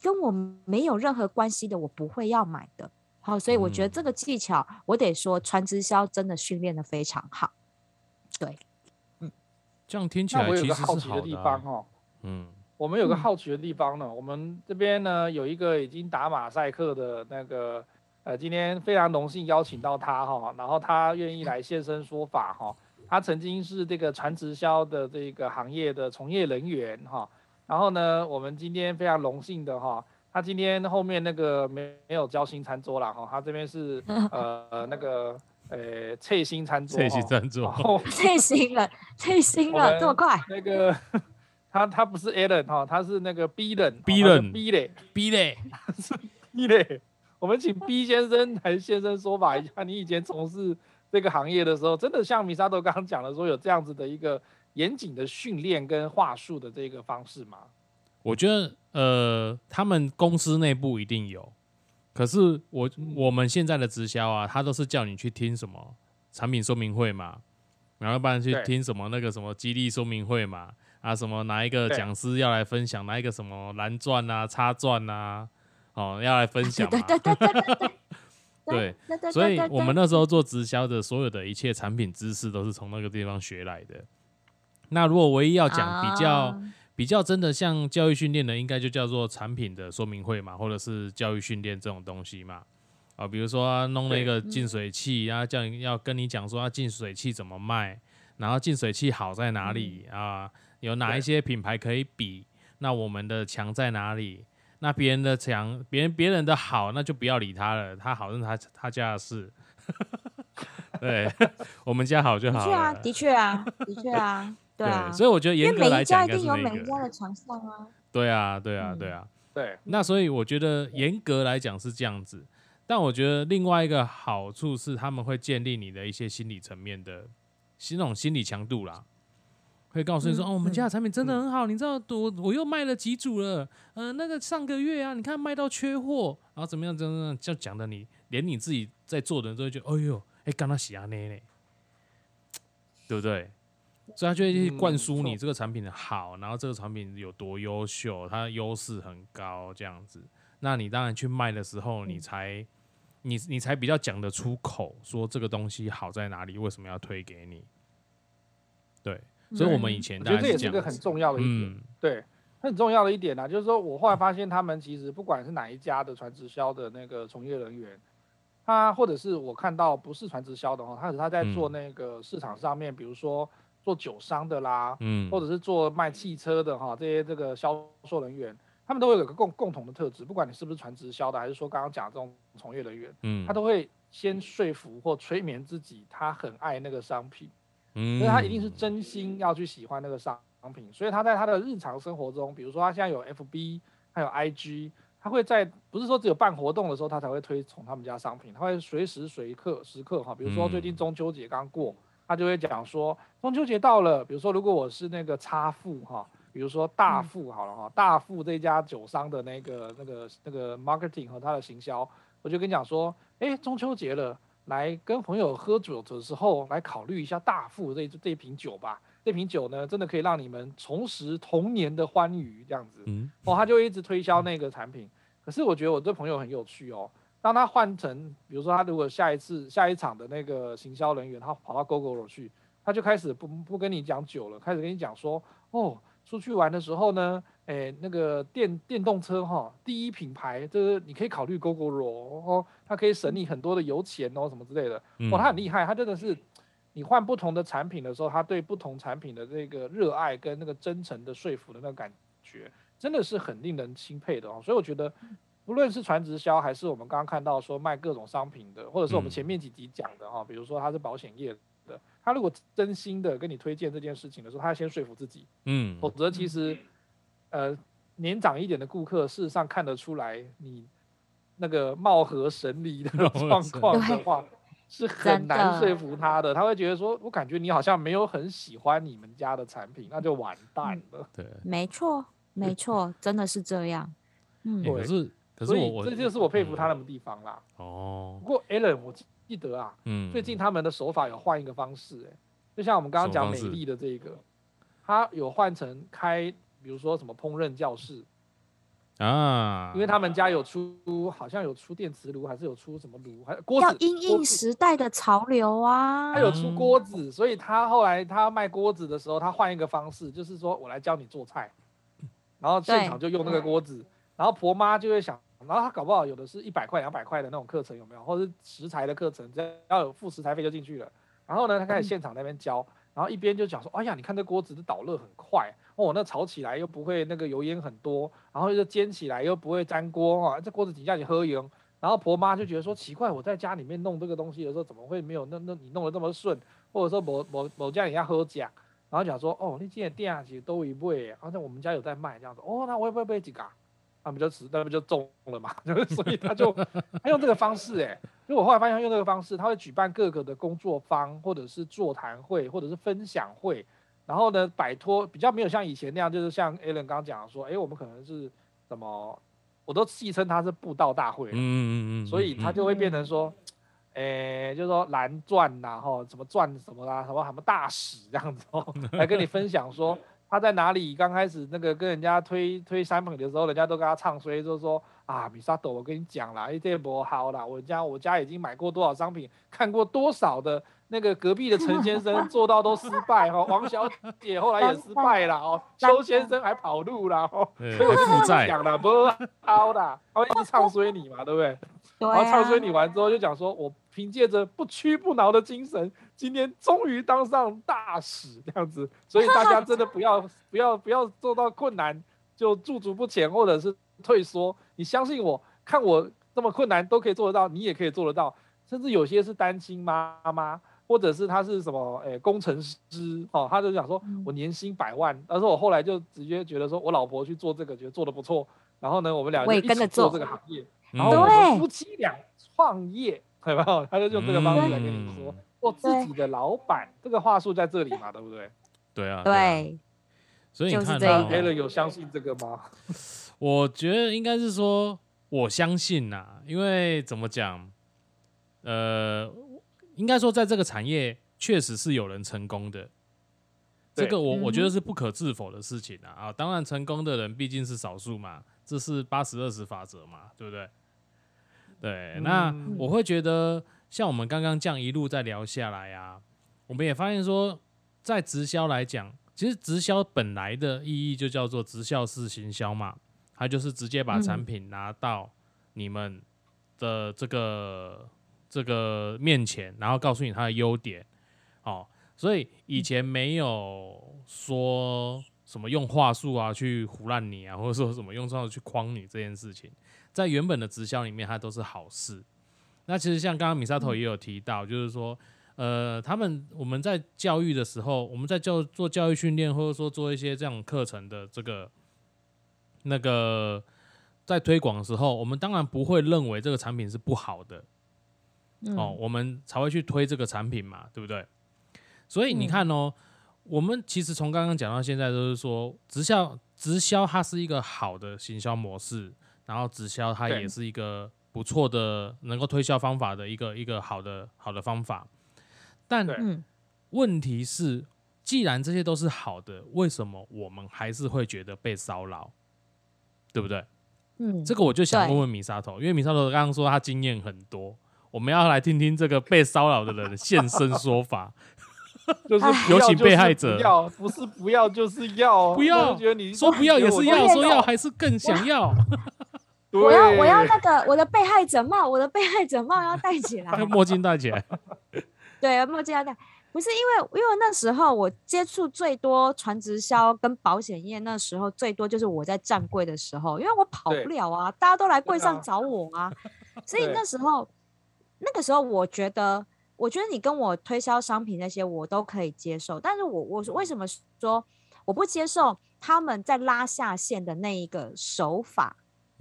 B: 跟我沒有任何關係的，我不會要買的。好、哦，所以我覺得這個技巧，嗯、我得說，傳直銷真的訓練得非常好。
D: 對，
B: 嗯，
C: 這樣聽起來其實是好的、啊、我有個好奇的地方哦，嗯。我們有個好奇的地方呢，嗯、我們這邊呢有一個已經打馬賽克的那個，呃，今天非常榮幸邀請到他哈，然後他願意來現身說法哈，他曾經是這個傳直銷的這個行業的從業人員哈，然後呢，我們今天非常榮幸的哈，他今天後面那個沒沒有交心餐桌了哈，他這邊是、嗯、呃那個呃翠心餐，翠心餐桌,桌，翠
D: 心了，翠心了、 那個，這麼快那個。
C: 他他不是 A 人哈，他是那個 B 人。B 人、哦、，B 類，B 類，B 類。 我們請 B 先生來先生說法一下，你以前從事這個行業的時候，真的像 Misato 剛剛講的，說有這樣子的一個嚴謹的訓練跟話術的這個方式嗎？
A: 我覺得呃，他們公司內部一定有。可是我我們現在的直銷啊，他都是叫你去聽什麼產品說明會嘛，然後幫人去聽什麼那個什麼激勵說明會嘛。啊，什麼哪一個講師要來分享？哪一個什麼藍鑽啊、插鑽啊，哦，要來分享嘛，
D: 對，所以我們那時候
A: 做直銷的所有的一切產品知識都是從那個地方學來的。那如果唯一要講比較、啊、比較真的像教育訓練的，應該就叫做產品的說明會嘛，或者是教育訓練這種東西嘛。啊，比如說、啊、弄了一個淨水器、嗯，啊，叫要跟你講說、啊，它淨水器怎麼賣，然後淨水器好在哪裡、嗯、啊？有哪一些品牌可以比？那我們的強在哪裡？那別人的強，別人別人的好，那就不要理他了。他好，是他他，他家的事。 對， 我們家好就好了。
B: 對啊，的確啊，的確啊 對，對啊。所以我覺得，嚴格來講、那個，因為每一家一,一
D: 定有每一
A: 家的強項啊。對啊，對啊，對啊，對、嗯。那所以我覺得，嚴格來講是這樣子。但我覺得另外一個好處是，他們會建立你的一些心理層面的，那種心理強度啦。會告訴你說，說、嗯：“哦，我們家的產品真的很好，嗯、你知道多我，我又賣了幾組了。嗯、呃，那個上個月啊，你看賣到缺貨，然後怎麼樣？怎麼樣？就講的你連你自己在做的人都會覺得，哎、哦、呦，哎、欸，剛剛洗牙呢嘞，對不對？所以他就會去灌輸你這個產品的好、嗯，然後這個產品有多優秀，它優勢很高，這樣子。那你當然去賣的時候你、嗯，你才你你才比較講得出口，說這個東西好在哪裡，為什麼要推給你？對。”所以我們以前大家覺得這也是一個很重要的一點。嗯、
C: 對，很重要的一點呢、啊，就是說我後來發現他們其實不管是哪一家的傳直銷的那個從業人員，他或者是我看到不是傳直銷的哈，他是他在做那個市場上面，嗯、比如說做酒商的啦，嗯、或者是做賣汽車的哈，這些這個銷售人員，他們都會有個共共同的特質，不管你是不是傳直銷的，還是說剛剛講這種從業人員、嗯，他都會先說服或催眠自己，他很愛那個商品。嗯、因為他一定是真心要去喜歡那個商品，所以他在他的日常生活中，比如說他現在有 FB 還有 IG，他會在不是說只有辦活動的時候他才會推崇他們家商品，他會隨時隨刻時刻哈，比如說最近中秋節剛過，他就會講說、嗯、中秋節到了，比如說如果我是那個差富哈，比如說大富好了哈、嗯，大富這家酒商的那個那個那個 marketing 和他的行銷，我就跟你講說，哎、欸，中秋節了。來跟朋友喝酒的時候，來考慮一下大富這這瓶酒吧，這瓶酒呢，真的可以讓你們重拾童年的歡愉，這樣子。哦，他就一直推銷那個產品。可是我覺得我這朋友很有趣哦，當他換成，比如說他如果下一次下一場的那個行銷人員，他跑到 Gogoro 去，他就開始不不跟你講酒了，開始跟你講說，哦。出去玩的時候呢，誒、欸，那個電電動車哈，第一品牌就是你可以考慮 Gogoro 哦，它可以省你很多的油錢哦、喔，什麼之類的，哇，它很厲害，它真的是，你換不同的產品的時候，它對不同產品的那個熱愛跟那個真誠的說服的那個感覺，真的是很令人欽佩的哦。所以我覺得，無論是傳直銷還是我們剛剛看到說賣各種商品的，或者是我們前面幾集講的哈，比如說它是保險業。他如果真心的跟你推薦這件事情的時候，他要先說服自己，嗯，否則其實，呃，年長一點的顧客事實上看得出來你那個貌合神離的狀況的話、
B: 嗯，是
C: 很難說服他的，的。他會覺得說，我感覺你好像沒有很喜歡你們家的產品，那就完蛋了。嗯、對，
B: 沒錯，沒錯，真的是這樣。
C: 嗯，我、欸、是，可是我，我所以這就是我佩服他的地方啦、嗯。
D: 哦，不過
C: Alan，我。記得啊，嗯，
D: 最
B: 近他
C: 們的手法有換一個方式、欸，誒,就像我們剛剛講美麗的這個，他有換成開，比如說什麼烹飪教室
A: 啊，
C: 因為他們家有出，好像有出電磁爐，還是有出什麼爐，還有鍋子要因應
B: 時代的潮流啊，他有出鍋
C: 子，所以他後來他賣鍋子的時候，他換一個方式，就是說我來教你做菜，然後現場就用那個鍋子，然後婆媽就會想。然後他搞不好有的是一百塊、兩百塊的那種課程有沒有？或者是食材的課程，只要有付食材費就進去了。然後呢，他開始現場在那邊教，然後一邊就講說：“哎呀，你看這鍋子的導熱很快哦，那炒起來又不會那個油煙很多，然後又煎起來又不會粘鍋啊、哦，這鍋子底下你喝油。”然後婆媽就覺得說：“奇怪，我在家裡面弄這個東西的時候怎麼會沒有那那你弄得這麼順？”或者說某某某家人家喝假。」然後講說：“哦，你店啊、那件電啊其實都一倍，好像我們家有在賣這樣子哦，那我也不會背幾個？”他們就，遲，那不就中了嘛， 所以他就他用這個方式、欸，哎，因為我後來發現他用這個方式，他會舉辦各個的工作坊或者是座談會，或者是分享會，然後呢，擺脫比較沒有像以前那樣，就是像 Alan 剛講說，哎、欸，我們可能是什麼，我都戲稱他是布道大會，嗯，
D: 嗯嗯嗯，所以他就
C: 會變成說，哎、嗯嗯欸，就是說藍鑽吶、啊，後什麼鑽什麼啦，什麼什麼、啊、什麼大使這樣子，喔、來跟你分享說。他在哪裡？剛開始那個跟人家推推商品的時候，人家都跟他唱衰，就說：“啊，MISATO，我跟你講啦，這不好了，我家我家已經買過多少商品，看過多少的那個隔壁的陳先生做到都失敗哦。 王小姐後來也失敗了哦，邱 先生還跑路了哦，負債講了，不好了，他一直唱衰你嘛，對不對？對啊。然後唱衰你完之後就講說，我。憑借着不屈不撓的精神，今天終於當上大使這樣子，所以大家真的不要 不要不要做到困難就駐足不前或者是退縮。你相信我，看我這麼困難都可以做得到，你也可以做得到。甚至有些是單親媽媽，或者是他是什麼誒、欸、工程師哦，他就想說我年薪百萬，但、嗯、是我後來就直接覺得說我老婆去做這個，覺得做得不錯。然後呢，我們兩個一起做這個行業，
D: 然後夫妻
C: 倆創業。嗯他就用這個方式來跟你說，我、嗯、自己的老闆，這個話術在這裡嘛，對不對？對啊。對，啊對。所以你看，別、就、人、是、有相信這個嗎？
A: 我覺得應該是說，我相信吶、啊，因為怎麼講？呃，應該說，在這個產業確實是有人成功的，這個我、嗯、我覺得是不可置否的事情啊。啊，當然成功的人畢竟是少數嘛，這是八十二十法則嘛，對不對？對，那我會覺得像我們剛剛這樣一路在聊下來啊，我們也發現說，在直銷來講，其實直銷本來的意義就叫做直銷式行銷嘛，它就是直接把產品拿到你們的這個、嗯、這個面前，然後告訴你它的優點，哦，所以以前沒有說什麼用話術啊去胡亂你啊，或者說什麼用這樣、啊去，啊、去誆你這件事情。在原本的直銷裡面，它都是好事。那其實像剛剛 Misato 也有提到、嗯，就是說，呃，他們我們在教育的時候，我們在教做教育訓練，或者說做一些這樣課程的這個那個，在推廣的時候，我們當然不會認為這個產品是不好的、
D: 嗯、哦，
A: 我們才會去推這個產品嘛，對不對？所以你看哦，嗯、我們其實從剛剛講到現在，就是說直銷直銷它是一個好的行銷模式。然後直銷它也是一個不錯的能夠推銷方法的一個一個好的好的方法，但問題是，既然這些都是好的，為什麼我們還是會覺得被騷擾？對不對？嗯，
D: 這個我就想問問
A: MISATO，因為 MISATO 剛剛說他經驗很多，我們要來聽聽這個被騷擾的人現身說法，
C: 就是有請被害者，要 不是不要，就是要不要？ 我就覺得你說不要也是要，說要還是更想
A: 要。 我要我要那
B: 個我的被害者帽，我的被害者帽要戴起來， 墨鏡戴起來。對，墨鏡要戴。不是因為因為那時候我接觸最多傳直銷跟保險業，那時候最多就是我在站櫃的時候，因為我跑不了啊，大家都來櫃上找我啊。啊所以那時候那個時候，我覺得我覺得你跟我推銷商品那些我都可以接受，但是我我為什麼說我不接受他們在拉下線的那一個手法？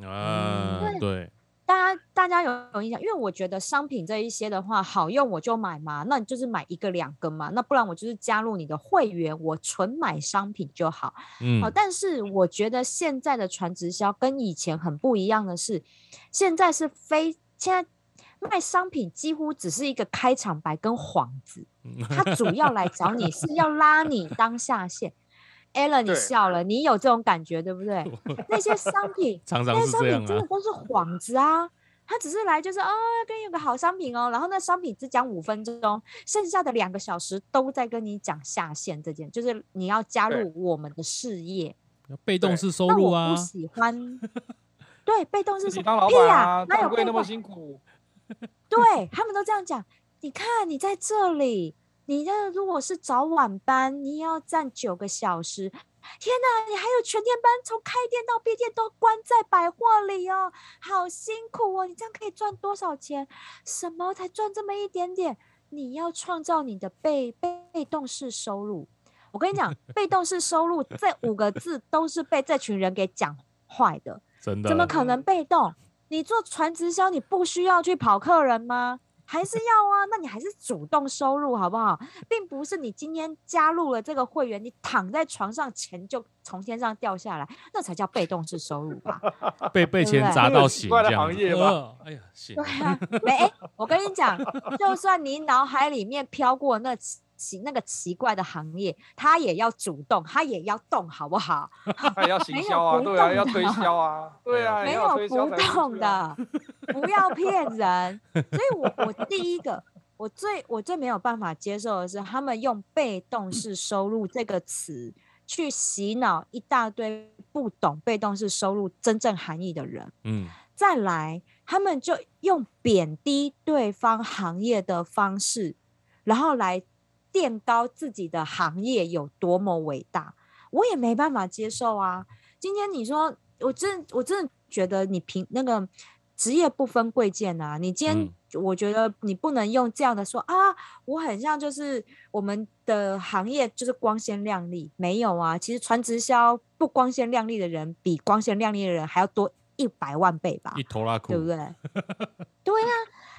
A: 啊、嗯嗯，對，
B: 大家大家有有印象？因為我覺得商品這一些的話，好用我就買嘛，那你就是買一個兩個嘛，那不然我就是加入你的會員，我純買商品就好。嗯、哦，但是我覺得現在的傳直銷跟以前很不一樣的是，現在是非現在賣商品幾乎只是一個開場白跟幌
D: 子，他主要來找你是
B: 要拉你當下線。 Alan 你笑了，你有這種感覺對不對？ 那些商品常常，啊，那些商品真的都是幌子啊！他只是來就是，哦，跟你有個好商品哦，然後那商品只講五分鐘，剩下的兩個小時都在跟你講下線這件，就是你要加入我們的事業，
D: 被動式收入啊！那我不喜
B: 歡，對，被動式是老，啊，屁老啊，哪有貴那麼辛苦？ 對他們都這樣講，你看你在這裡。你這如果是早晚班，你要站九個小時，天哪！你還有全天班，從開店到閉店都關在百貨裡哦，好辛苦哦！你這樣可以賺多少錢？什麼才賺這麼一點點？你要創造你的被被動式收入。我跟你講，被動式收入 這五個字都是被這群人給講壞的，真的怎麼可能被動？你做傳直銷，你不需要去跑客人嗎？還是要啊，那你還是主動收入好不好？並不是你今天加入了這個會員，你躺在床上，錢就從天上掉下來，那才叫被動式收入吧？
D: 被被錢砸到醒這樣子。奇怪
A: 的
B: 行業吧？呃。哎呀，行！沒、啊欸，我跟你講，就算你腦海裡面飄過那奇那個奇怪的行業，他也要主動，他也要動，好不好？他也要行銷啊， 啊，對啊，要推銷啊，對，啊，對，啊，對，啊，對啊，啊，
C: 沒有不動
B: 的。 不要騙人，所以我我第一個我最我最沒有辦法接受的是，他們用被動式收入這個詞去洗腦一大堆不懂被動式收入真正含義的人。再來，他們就用貶低對方行業的方式，然後來墊高自己的行業有多麼偉大。我也沒辦法接受啊！今天你說，我真我真的覺得你憑那個。職業不分貴賤吶，你今天我覺得你不能用這樣的說、嗯、啊，我很像就是我們的行業就是光鮮亮麗，沒有啊，其實傳直銷不光鮮亮麗的人比光鮮亮麗的人還要多一百萬倍吧，
A: 一拖拉庫，對不對？
B: 對啊，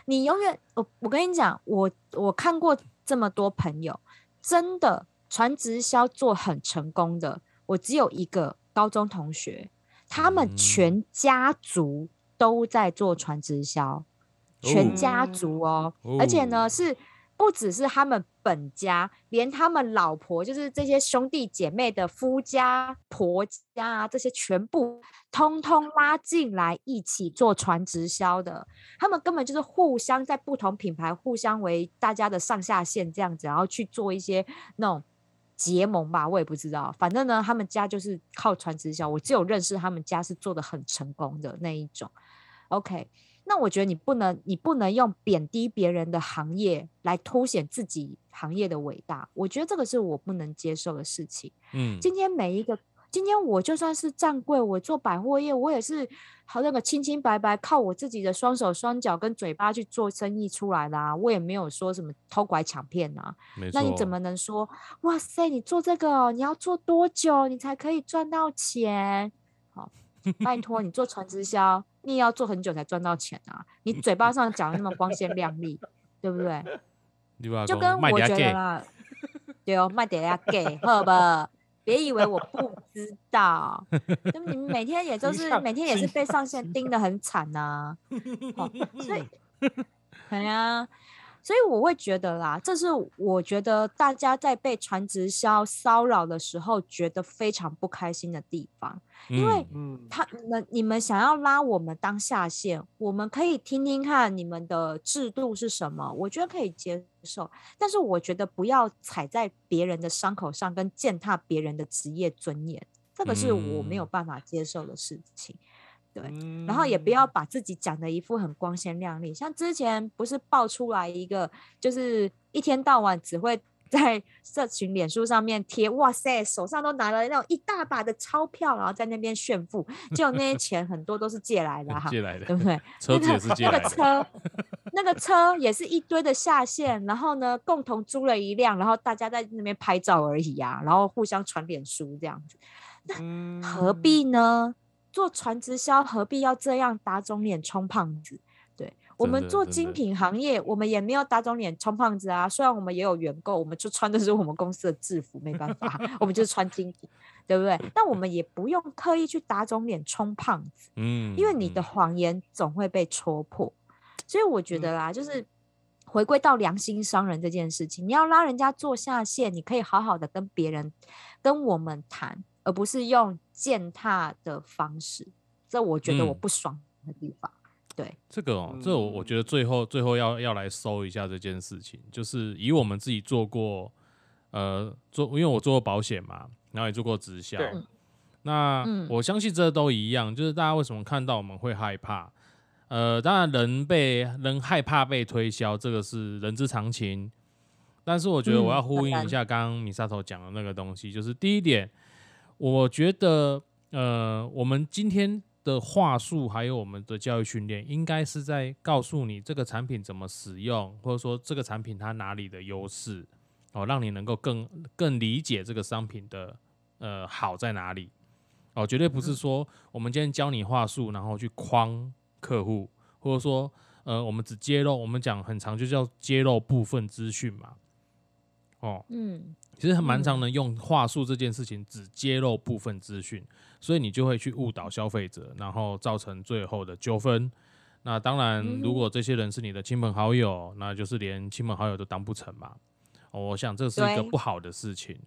B: 你永遠我我跟你講，我我看過這麼多朋友，真的傳直銷做很成功的，我只有一個高中同學，他們全家族。嗯都在做傳直銷，
D: 全家族
B: 哦，oh. Oh. 而且呢是不只是他們本家，連他們老婆就是這些兄弟姐妹的夫家、婆家啊，這些全部通通拉進來一起做傳直銷的。他們根本就是互相在不同品牌，互相為大家的上下線這樣子，然後去做一些那種結盟吧，我也不知道。反正呢，他們家就是靠傳直銷，我只有認識他們家是做得很成功的那一種。OK，那我覺得你不能，你不能用貶低別人的行業來凸顯自己行業的偉大。我覺得這個是我不能接受的事情。嗯，今天每一個，今天我就算是站櫃，我做百貨業，我也是好那個清清白白，靠我自己的雙手雙腳跟嘴巴去做生意出來的啊，我也沒有說什麼偷拐搶騙吶。沒錯。那你怎麼能說哇塞？你做這個你要做多久，你才可以賺到錢？好，拜託你做傳直銷。 你也要做很久才賺到錢啊！你嘴巴上講得那麼光鮮亮麗， 對不對說
A: 說？就跟我覺得啦，
B: 對哦，賣點呀，給好吧！ 別以為我不知道， 你
D: 們每天也都、就是 每天也是
B: 被上線盯得很慘吶、啊。 所以，對呀。所以我會覺得啦，這是我覺得大家在被傳直銷騷擾的時候，覺得非常不開心的地方。因為他、嗯嗯、你們你們想要拉我們當下線，我們可以聽聽看你們的制度是什麼，我覺得可以接受。但是我覺得不要踩在別人的傷口上，跟踐踏別人的職業尊嚴，這個是我沒有辦法接受的事情。嗯。對，然後也不要把自己講的一副很光鮮亮麗、嗯。像之前不是爆出來一個，就是一天到晚只會在社群、臉書上面貼，哇塞，手上都拿了那種一大把的鈔票，然後在那邊炫富，結果那些錢很多都是借來的哈、啊，
D: 借來的，對不對？車那個那個車，
B: 那個車也是一堆的下線，然後呢，共同租了一輛，然後大家在那邊拍照而已啊，然後互相傳臉書這樣子，那、嗯、何必呢？做傳直銷何必要這樣打腫臉充胖子？對我們做精品行業，我們也沒有打腫臉充胖子啊。雖然我們也有員購，我們就穿的是我們公司的制服，沒辦法， 我們就穿精品，對不對？但我們也不用刻意去打腫臉充胖子，
D: 嗯， 因為
B: 你的謊言總會被戳破。所以我覺得啦、啊，就是回歸到良心商人這件事情，你要拉人家做下線，你可以好好的跟別人、跟我們談。而不是用踐踏的方式，這我覺得我不爽的地方。嗯、對，
A: 這個哦，這我、個、我覺得最後最後要要來收一下這件事情，就是以我們自己做過，呃，做因為我做過保險嘛，然後也做過直銷，那、嗯、我相信這都一樣，就是大家為什麼看到我們會害怕？呃，當然人被人害怕被推銷，這個是人之常情，但是我覺得我要呼應一下剛剛 MISATO 講的那個東西，嗯、就是第一點。我覺得，呃，我們今天的話術還有我們的教育訓練，應該是在告訴你這個產品怎麼使用，或者說這個產品它哪裡的優勢，哦，讓你能夠更更理解這個商品的，呃，好在哪裡，哦，絕對不是說我們今天教你話術，然後去框客戶，或者說，呃，我們只揭露，我們講很常，就叫揭露部分資訊嘛，哦，嗯。其實還蠻常的，用話術這件事情只揭露部分資訊，所以你就會去誤導消費者，然後造成最後的糾紛。那當然，如果這些人是你的親朋好友，那就是連親朋好友都當不成嘛、哦。我想這是一個不好的事情。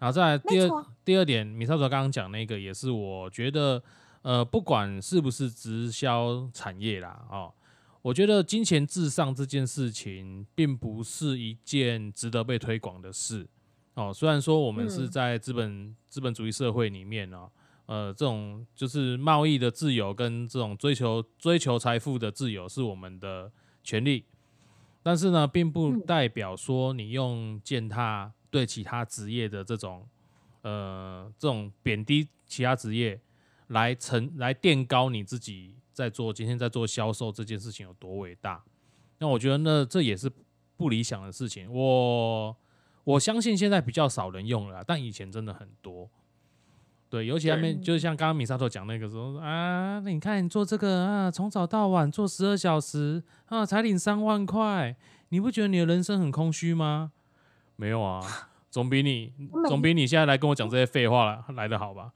A: 那再第二第二點，MISATO 剛剛講那個，也是我覺得，呃，不管是不是直銷產業啦，哦，我覺得金錢至上這件事情，並不是一件值得被推廣的事。哦，雖然說我們是在資本、嗯、資本主義社會裡面哦，呃，這種就是貿易的自由跟這種追求追求財富的自由是我們的權利，但是呢，並不代表說你用踐踏對其他職業的這種，呃，這種貶低其他職業來成來墊高你自己在做今天在做銷售這件事情有多偉大，那我覺得呢，這也是不理想的事情，我。我相信現在比較少人用了，但以前真的很多。對，尤其他們、嗯、就是像剛剛米薩托講那個時候說啊，那你看你做這個啊，從早到晚做十二小時啊，才領三萬塊，你不覺得你的人生很空虛嗎？沒有啊，總比你 總比你現在來跟我講這些廢話了， 來得好吧。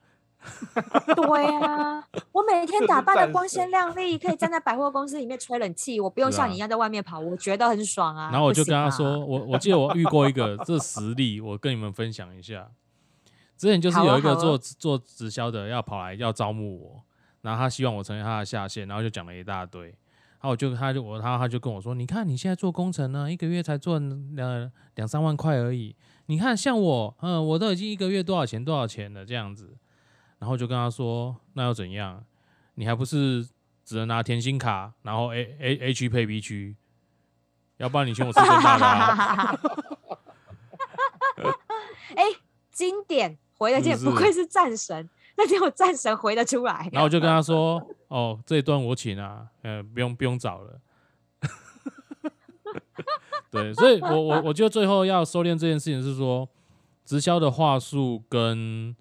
B: 對啊，我每天打扮的光鮮亮麗，可以站在百貨公司裡面吹冷氣，我不用像你一樣在外面跑，我覺得很爽啊。啊然後我就跟他
A: 說，啊、我我記得我遇過一個這實例，我跟你們分享一下。之前就是有一個做、啊啊、做、做直銷的要跑來要招募我，然後他希望我成為他的下線，然後就講了一大堆。然後我就他就我他他就跟我說，你看你現在做工程呢、啊，一個月才賺兩兩三萬塊而已。你看像我，嗯，我都已經一個月多少錢多少錢了，這樣子。然後就跟他說：“那又怎樣？你還不是只能拿甜心卡？然後 A A A 區配 B 區，要不然你請我吃、啊。 ”哎、
D: 欸，
B: 經典回的見，是是不愧是戰神，那天我戰神回得出來、啊。然後我就跟他
A: 說：“ 哦，這一段我請啊，呃、不用不用找了。 ”對，所以我我我覺得最後要收斂這件事情是說，直銷的話術跟。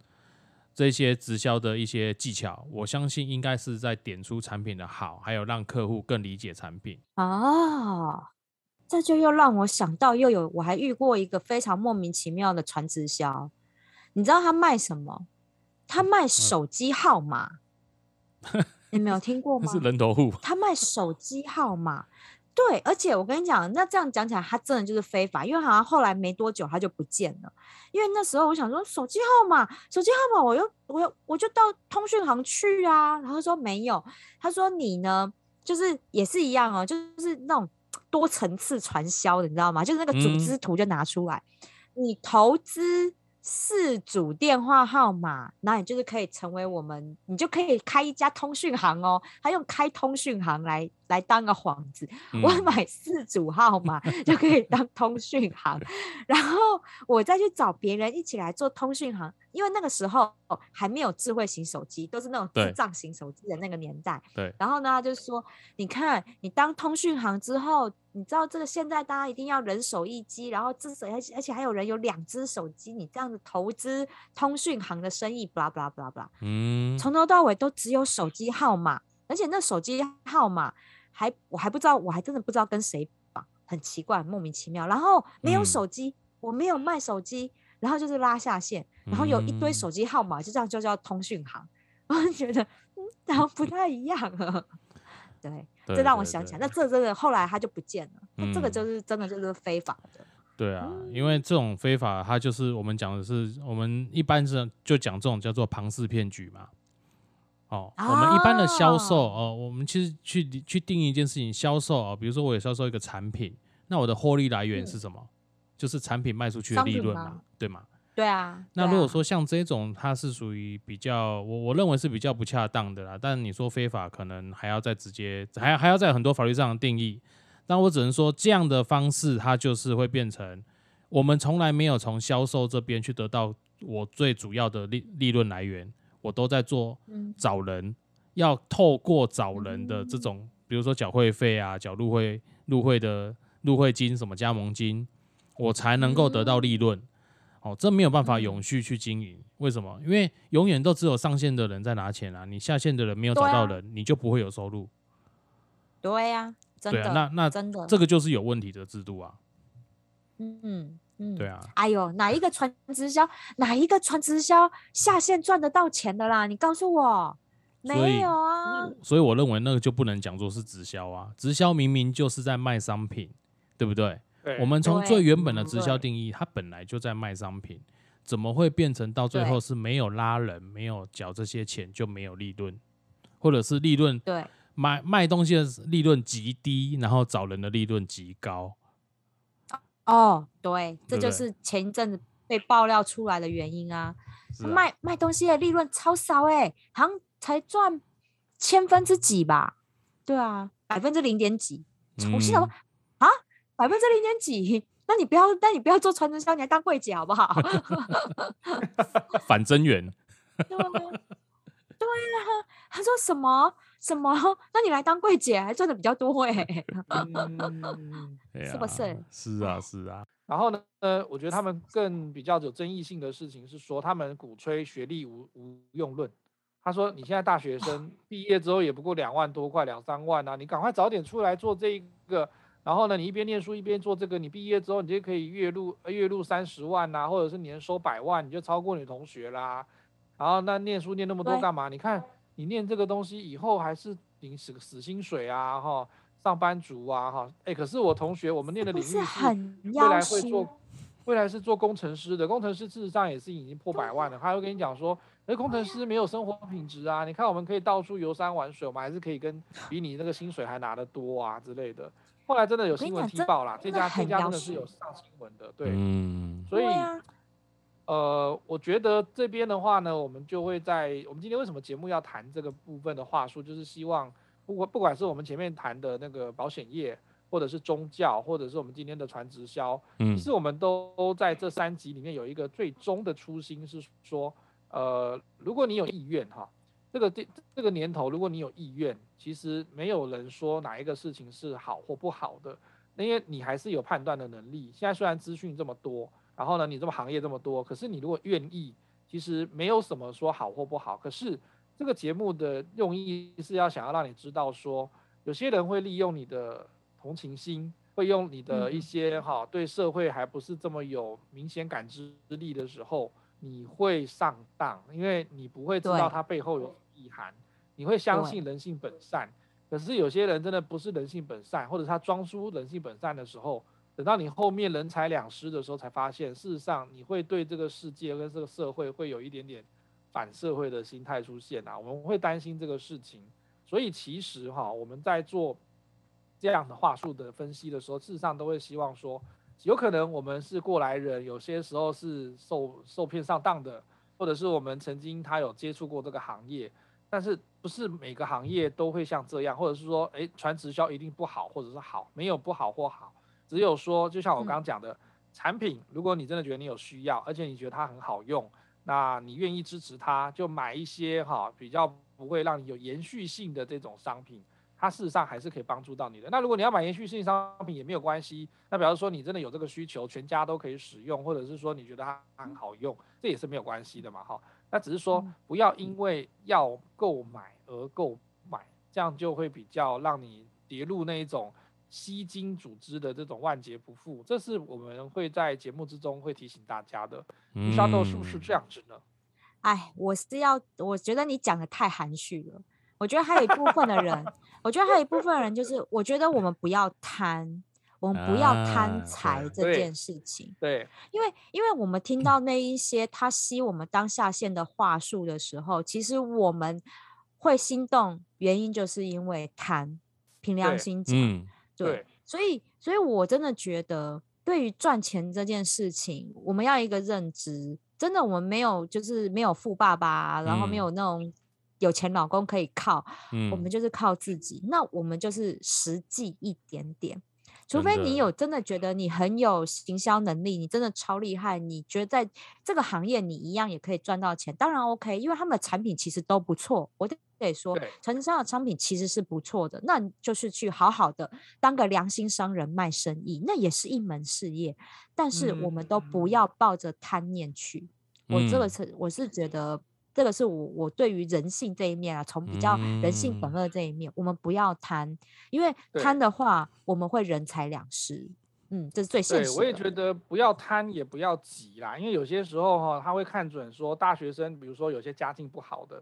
A: 這些直銷的一些技巧，我相信應該是在點出產品的好，還有讓客戶更理解產品。
B: 啊、哦，這就又讓我想到，又有我還遇過一個非常莫名其妙的傳直銷。你知道他賣什麼？他賣手機號碼。嗯嗯、你沒有聽
D: 過嗎？他是人頭戶。
B: 他賣手機號碼。對，而且我跟你講，那這樣講起來，他真的就是非法，因為好像後來沒多久他就不見了。因為那時候我想說手機號碼，手機號碼我，我又我又我就到通訊行去啊，然後說沒有，他說你呢，就是也是一樣哦，就是那種多層次傳銷的，你知道嗎？就是那個組織圖就拿出來，嗯、你投資。四組電話號碼，那你就是可以成為我們，你就可以開一家通訊行哦。他用開通訊行來來當個幌子，嗯、我買四組號碼就可以當通訊行， 然後我再去找別人一起來做通訊行。因為那個時候還沒有智慧型手機，都是那種點陣型手機的那個年代。對，然後呢，就是說，你看，你當通訊行之後，你知道這個現在大家一定要人手一機，然後至少而而且還有人有兩隻手機，你這樣子投資通訊行的生意，blah blah blah blah，嗯，從頭到尾都只有手機號碼，而且那手機號碼還我還不知道，我還真的不知道跟誰綁，很奇怪，莫名其妙。然後沒有手機，嗯、我沒有賣手機。然後就是拉下線，然後有一堆手機號碼，嗯、就這樣就叫通訊行。 我覺得，嗯，好像不太一樣啊。 對，這讓我想起來，對對對那這個真的後來他就不見了。嗯、那這個就是真的就是非法的。
A: 對啊，嗯、因為這種非法，它就是我們講的是，我們一般是就講這種叫做龐氏騙局嘛。哦，我們一般的銷售，啊、哦，我們其實去去,去定義一件事情銷售啊、哦，比如說我有銷售一個產品，那我的獲利來源是什麼？嗯就是產品賣出去的利潤嘛，嗎對嗎？
D: 對啊。
A: 那如果說像這種，它是屬於比較，我我認為是比較不恰當的啦。但你說非法，可能還要再直接，還還要在很多法律上定義。但我只能說，這樣的方式，它就是會變成我們從來沒有從銷售這邊去得到我最主要的利利潤來源。我都在做找人，要透過找人的這種，嗯、比如說繳會費啊，繳入會入會的入會金，什麼加盟金。我才能夠得到利潤，嗯，哦，這沒有辦法永續去經營。為什麼？因為永遠都只有上線的人在拿錢啊，你下線的人沒有找到人，啊、你就不會有收入。
B: 對呀，啊，對啊，那那真的這個
A: 就是有問題的制度啊。嗯嗯
B: 嗯，對啊。哎呦，哪一個傳直銷？哪一個傳直銷下線賺得到錢的啦？你告訴我，
A: 沒有啊。所以我認為那個就不能講說是直銷啊，直銷明明就是在賣商品，對不對？我們從最原本的直銷定義，它本來就在賣商品，怎麼會變成到最後是沒有拉人、沒有繳這些錢就沒有利潤，或者是利潤對買賣東西的利潤極低，然後找人的利潤極高？
B: 哦，對，這就是前一陣子被爆料出來的原因啊！賣賣東西的利潤超少、欸，哎，好像才賺千分之幾吧？對啊，百分之零點幾？百分之零點幾？那你不要，那你不要做傳直銷，你來當櫃姐好不好？
A: 反增員？
B: 對啊，他說什麼什麼？那你來當櫃姐還賺的比較多哎，是
C: 不是？是啊，是啊。 然後呢？呃，我覺得他們更比較有爭議性的事情是說，他們鼓吹學歷無無用論。他說，你現在大學生畢 業之後也不過兩萬多塊，兩三萬啊，你趕快早點出來做這一個。然後呢，你一邊念書一邊做這個，你畢業之後你就可以月入月入三十萬吶、啊，或者是年收百萬，你就超過你同學啦。然後那念書念那麼多幹嘛？你看你念這個東西以後還是領死死薪水啊，哈、哦，上班族啊，哈、哦，哎，可是我同學我們念的領域是未來會做，未來是做工程師的，工程師事實上也是已經破百萬了。他會跟你講說，哎，工程師沒有生活品質啊，你看我們可以到處遊山玩水，我們還是可以跟比你那個薪水還拿得多啊之類的。後來真的有新聞踢爆了，這家這家真的是有
D: 上新聞的、嗯，對，嗯，所以、啊，
C: 呃，我覺得這邊的話呢，我們就會在我們今天為什麼節目要談這個部分的話術，就是希望不管不管是我們前面談的那個保險業，或者是宗教，或者是我們今天的傳直銷、嗯，其實我們都在這三集裡面有一個最終的初心是說，呃，如果你有意願哈。這個這這個年頭，如果你有意願，其實沒有人說哪一個事情是好或不好的，因為你還是有判斷的能力。現在雖然資訊這麼多，然後呢，你這個行業這麼多，可是你如果願意，其實沒有什麼說好或不好。可是這個節目的用意是要想要讓你知道說，說有些人會利用你的同情心，會用你的一些哈、嗯哦、對社會還不是這麼有明顯感知力的時候，你會上當，因為你不會知道它背後有。遺憾，你會相信人性本善，可是有些人真的不是人性本善，或者他裝出人性本善的時候，等到你後面人財兩失的時候，才發現，事實上你會對這個世界跟這個社會會有一點點反社會的心態出現啊，我們會擔心這個事情，所以其實哈，啊，我們在做這樣的話術的分析的時候，事實上都會希望說，有可能我們是過來人，有些時候是受受騙上當的，或者是我們曾經他有接觸過這個行業。但是不是每個行業都會像這樣，或者是說，哎，傳直銷一定不好，或者是好，沒有不好或好，只有說，就像我剛剛講的，嗯，產品，如果你真的覺得你有需要，而且你覺得它很好用，那你願意支持它，就買一些哈，哦，比較不會讓你有延續性的這種商品，它事實上還是可以幫助到你的。那如果你要買延續性商品也沒有關係，那比如說你真的有這個需求，全家都可以使用，或者是說你覺得它很好用，這也是沒有關係的嘛，哈，哦。他只是說，不要因為要購買而購買，這樣就會比較讓你跌入那一種吸金組織的這種萬劫不復。這是我們會在節目之中會提醒大家的。李、嗯、豆是不是
B: 這樣子呢？哎，我是要，我覺得你講得太含蓄了。我覺得還有一部分的人， 我覺得還有一部分的人就是，我覺得我們不要貪。我們不要貪財這件事情，啊、對，對，對，因為因為我們聽到那一些他吸我們當下線的話術的時候、嗯，其實我們會心動，原因就是因為貪，憑良心講、
D: 嗯，對，
B: 所以，所以我真的覺得，對於賺錢這件事情，我們要一個認知，真的我們沒有就是沒有富爸爸、啊，然後沒有那種有錢老公可以靠，嗯、我們就是靠自己，嗯、那我們就是實際一點點。除非你有真的覺得你很有行銷能力，你真的超厲害，你覺得在這個行業你一樣也可以賺到錢，當然 OK，因為他們的產品其實都不錯。我得說，傳銷的商品其實是不錯的，那就是去好好的當個良心商人賣生意，那也是一門事業。但是我們都不要抱着貪念去。嗯、我這個是我是覺得。這個是我我對於人性這一面啊，從比較人性本惡這一面，嗯，我們不要貪，因為貪的話，我們會人財兩失。嗯，這是最現實的對。我也覺
C: 得不要貪，也不要急啦，因為有些時候哈，哦，他會看準說大學生，比如說有些家境不好的，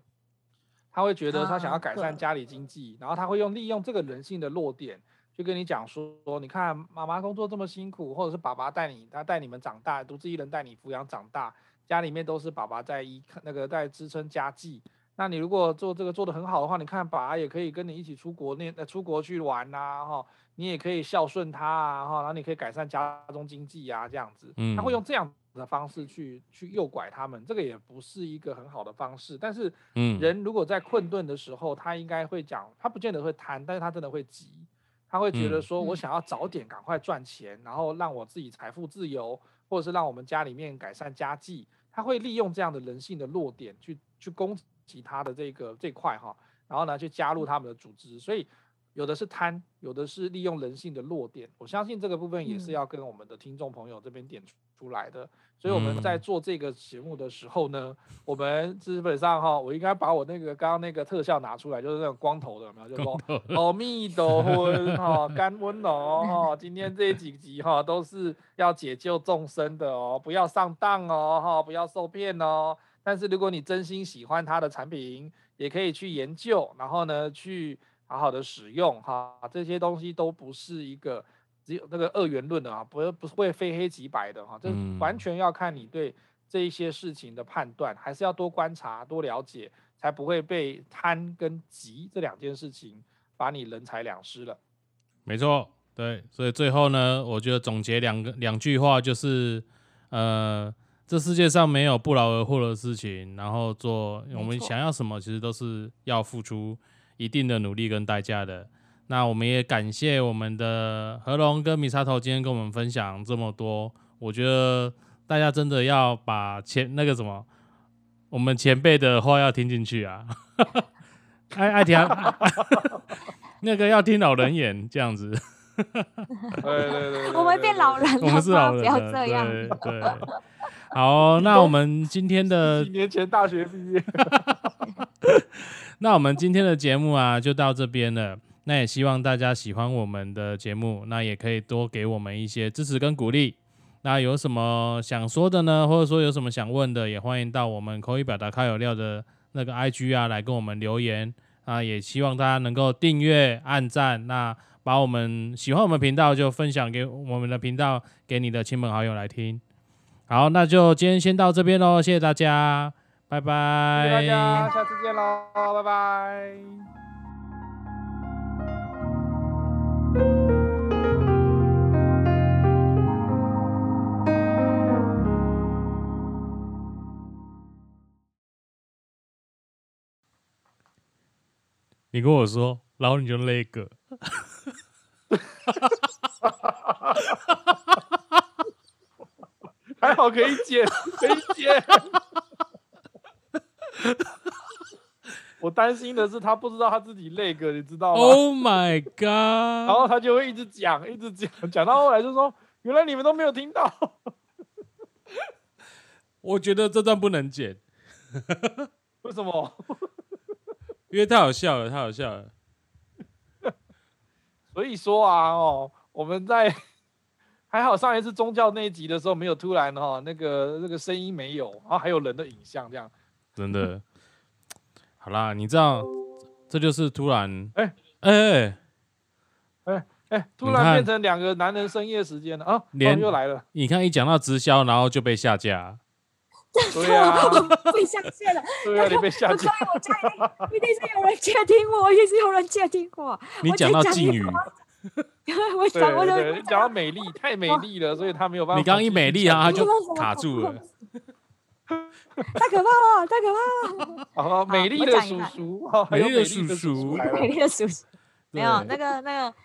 B: 他會
C: 覺得他想要改善家裡經濟，啊，然後他會用利用這個人性的弱點，就跟你講說，說你看媽媽工作這麼辛苦，或者是爸爸帶你他帶你們長大，獨自一人帶你撫養長大。家裡面都是爸爸在依那個在支撐家計，那你如果做這個做得很好的話，你看爸爸也可以跟你一起出國那出國去玩吶、啊、哈，你也可以孝順他啊哈，然後你可以改善家中經濟啊這樣子，他會用這樣的方式去去誘拐他們，這個也不是一個很好的方式，但是人如果在困頓的時候，他應該會講，他不見得會談，但是他真的會急，他會覺得說我想要早點趕快賺錢，然後讓我自己財富自由。或者是讓我們家裡面改善家計，他會利用這樣的人性的弱點去去攻擊他的這個這塊哈，然後呢，去加入他們的組織，所以。有的是貪，有的是利用人性的弱點。我相信這個部分也是要跟我們的聽眾朋友這邊點出來的、嗯。所以我們在做這個節目的時候呢，嗯、我們基本上哈，我應該把我那個剛剛那個特效拿出來，就是那種光頭的，有沒有？就說哦，彌陀佛哈，甘溫哦哈、哦哦，今天這幾集哈、哦、都是要解救眾生的哦，不要上當哦哈、哦，不要受騙哦。但是如果你真心喜歡他的產品，也可以去研究，然後呢去。好好的使用哈，這些東西都不是一個只有那個二元論的啊，不不會非黑即白的哈，這完全要看你對這一些事情的判斷，嗯，還是要多觀察、多了解，才不會被貪跟急這兩件事情把你人財兩失了。
A: 沒錯，對，所以最後呢，我覺得總結兩個兩句話就是，呃，這世界上沒有不勞而獲的事情，然後做我們想要什麼，其實都是要付出。一定的努力跟代價的，那我們也感謝我們的和龍跟 MISATO 今天跟我們分享這麼多。我覺得大家真的要把前那個什麼，我們前輩的話要聽進去啊，
D: 愛愛聽，
A: 那個要聽老人言這樣子。 對
D: 對對，對，我們變
B: 老人了，我們是老人，不要這樣 對。對，
A: 好，那我們今天的
C: 年前大學畢業。
A: 那我們今天的節目啊，就到這邊了。那也希望大家喜歡我們的節目，那也可以多給我們一些支持跟鼓勵。那有什麼想說的呢？或者說有什麼想問的，也歡迎到我們口語表達卡有料的那個 IG 啊，來跟我們留言啊。也希望大家能夠訂閱、按讚，那把我們喜歡我們頻道就分享給我們的頻道給你的親朋好友來聽。好，那就今天先到這邊嘍，謝謝大家。拜拜，大家
C: 下次見嘍，拜拜。
A: 你跟我說，然後你就那個，
D: 還好可以剪， 可以剪。
C: 我擔心的是，他不知道他自己 lag，你知道嗎？Oh my
A: god！ 然後
C: 他就會一直講，一直講，講到後來就說：“原來你們都沒有聽到。 ”我覺得這段不能剪， 為什麼？ 因
A: 為太好笑了，太好笑了。
C: 所以說啊，哦，我們在還好上一次宗教那一集的時候，沒有突然哈、哦，那個那個聲音沒有然後還有人的影像這樣。
A: 真的， 好啦，你知道，這就是突然，哎哎哎哎，
C: 突然變成兩個男人深夜時間了啊，臉、哦、又來
A: 了。你看，一講到直銷，然後就被下架。
C: 對呀、啊， 我被
B: 下架了。
C: 對呀、啊啊，你被下架
B: 了。哈哈哈！一定是有人竊聽我， 我一定是有人竊聽我。你講到禁語，我講
C: 我講，你講到美麗， 太美麗了，所以他沒有辦法。你剛一美麗啊， 他就卡住了。
B: 太可怕了！太可怕了！
C: 好，美麗的叔叔，美麗的叔叔，美麗的， 的叔叔，沒有那個那
B: 個。那個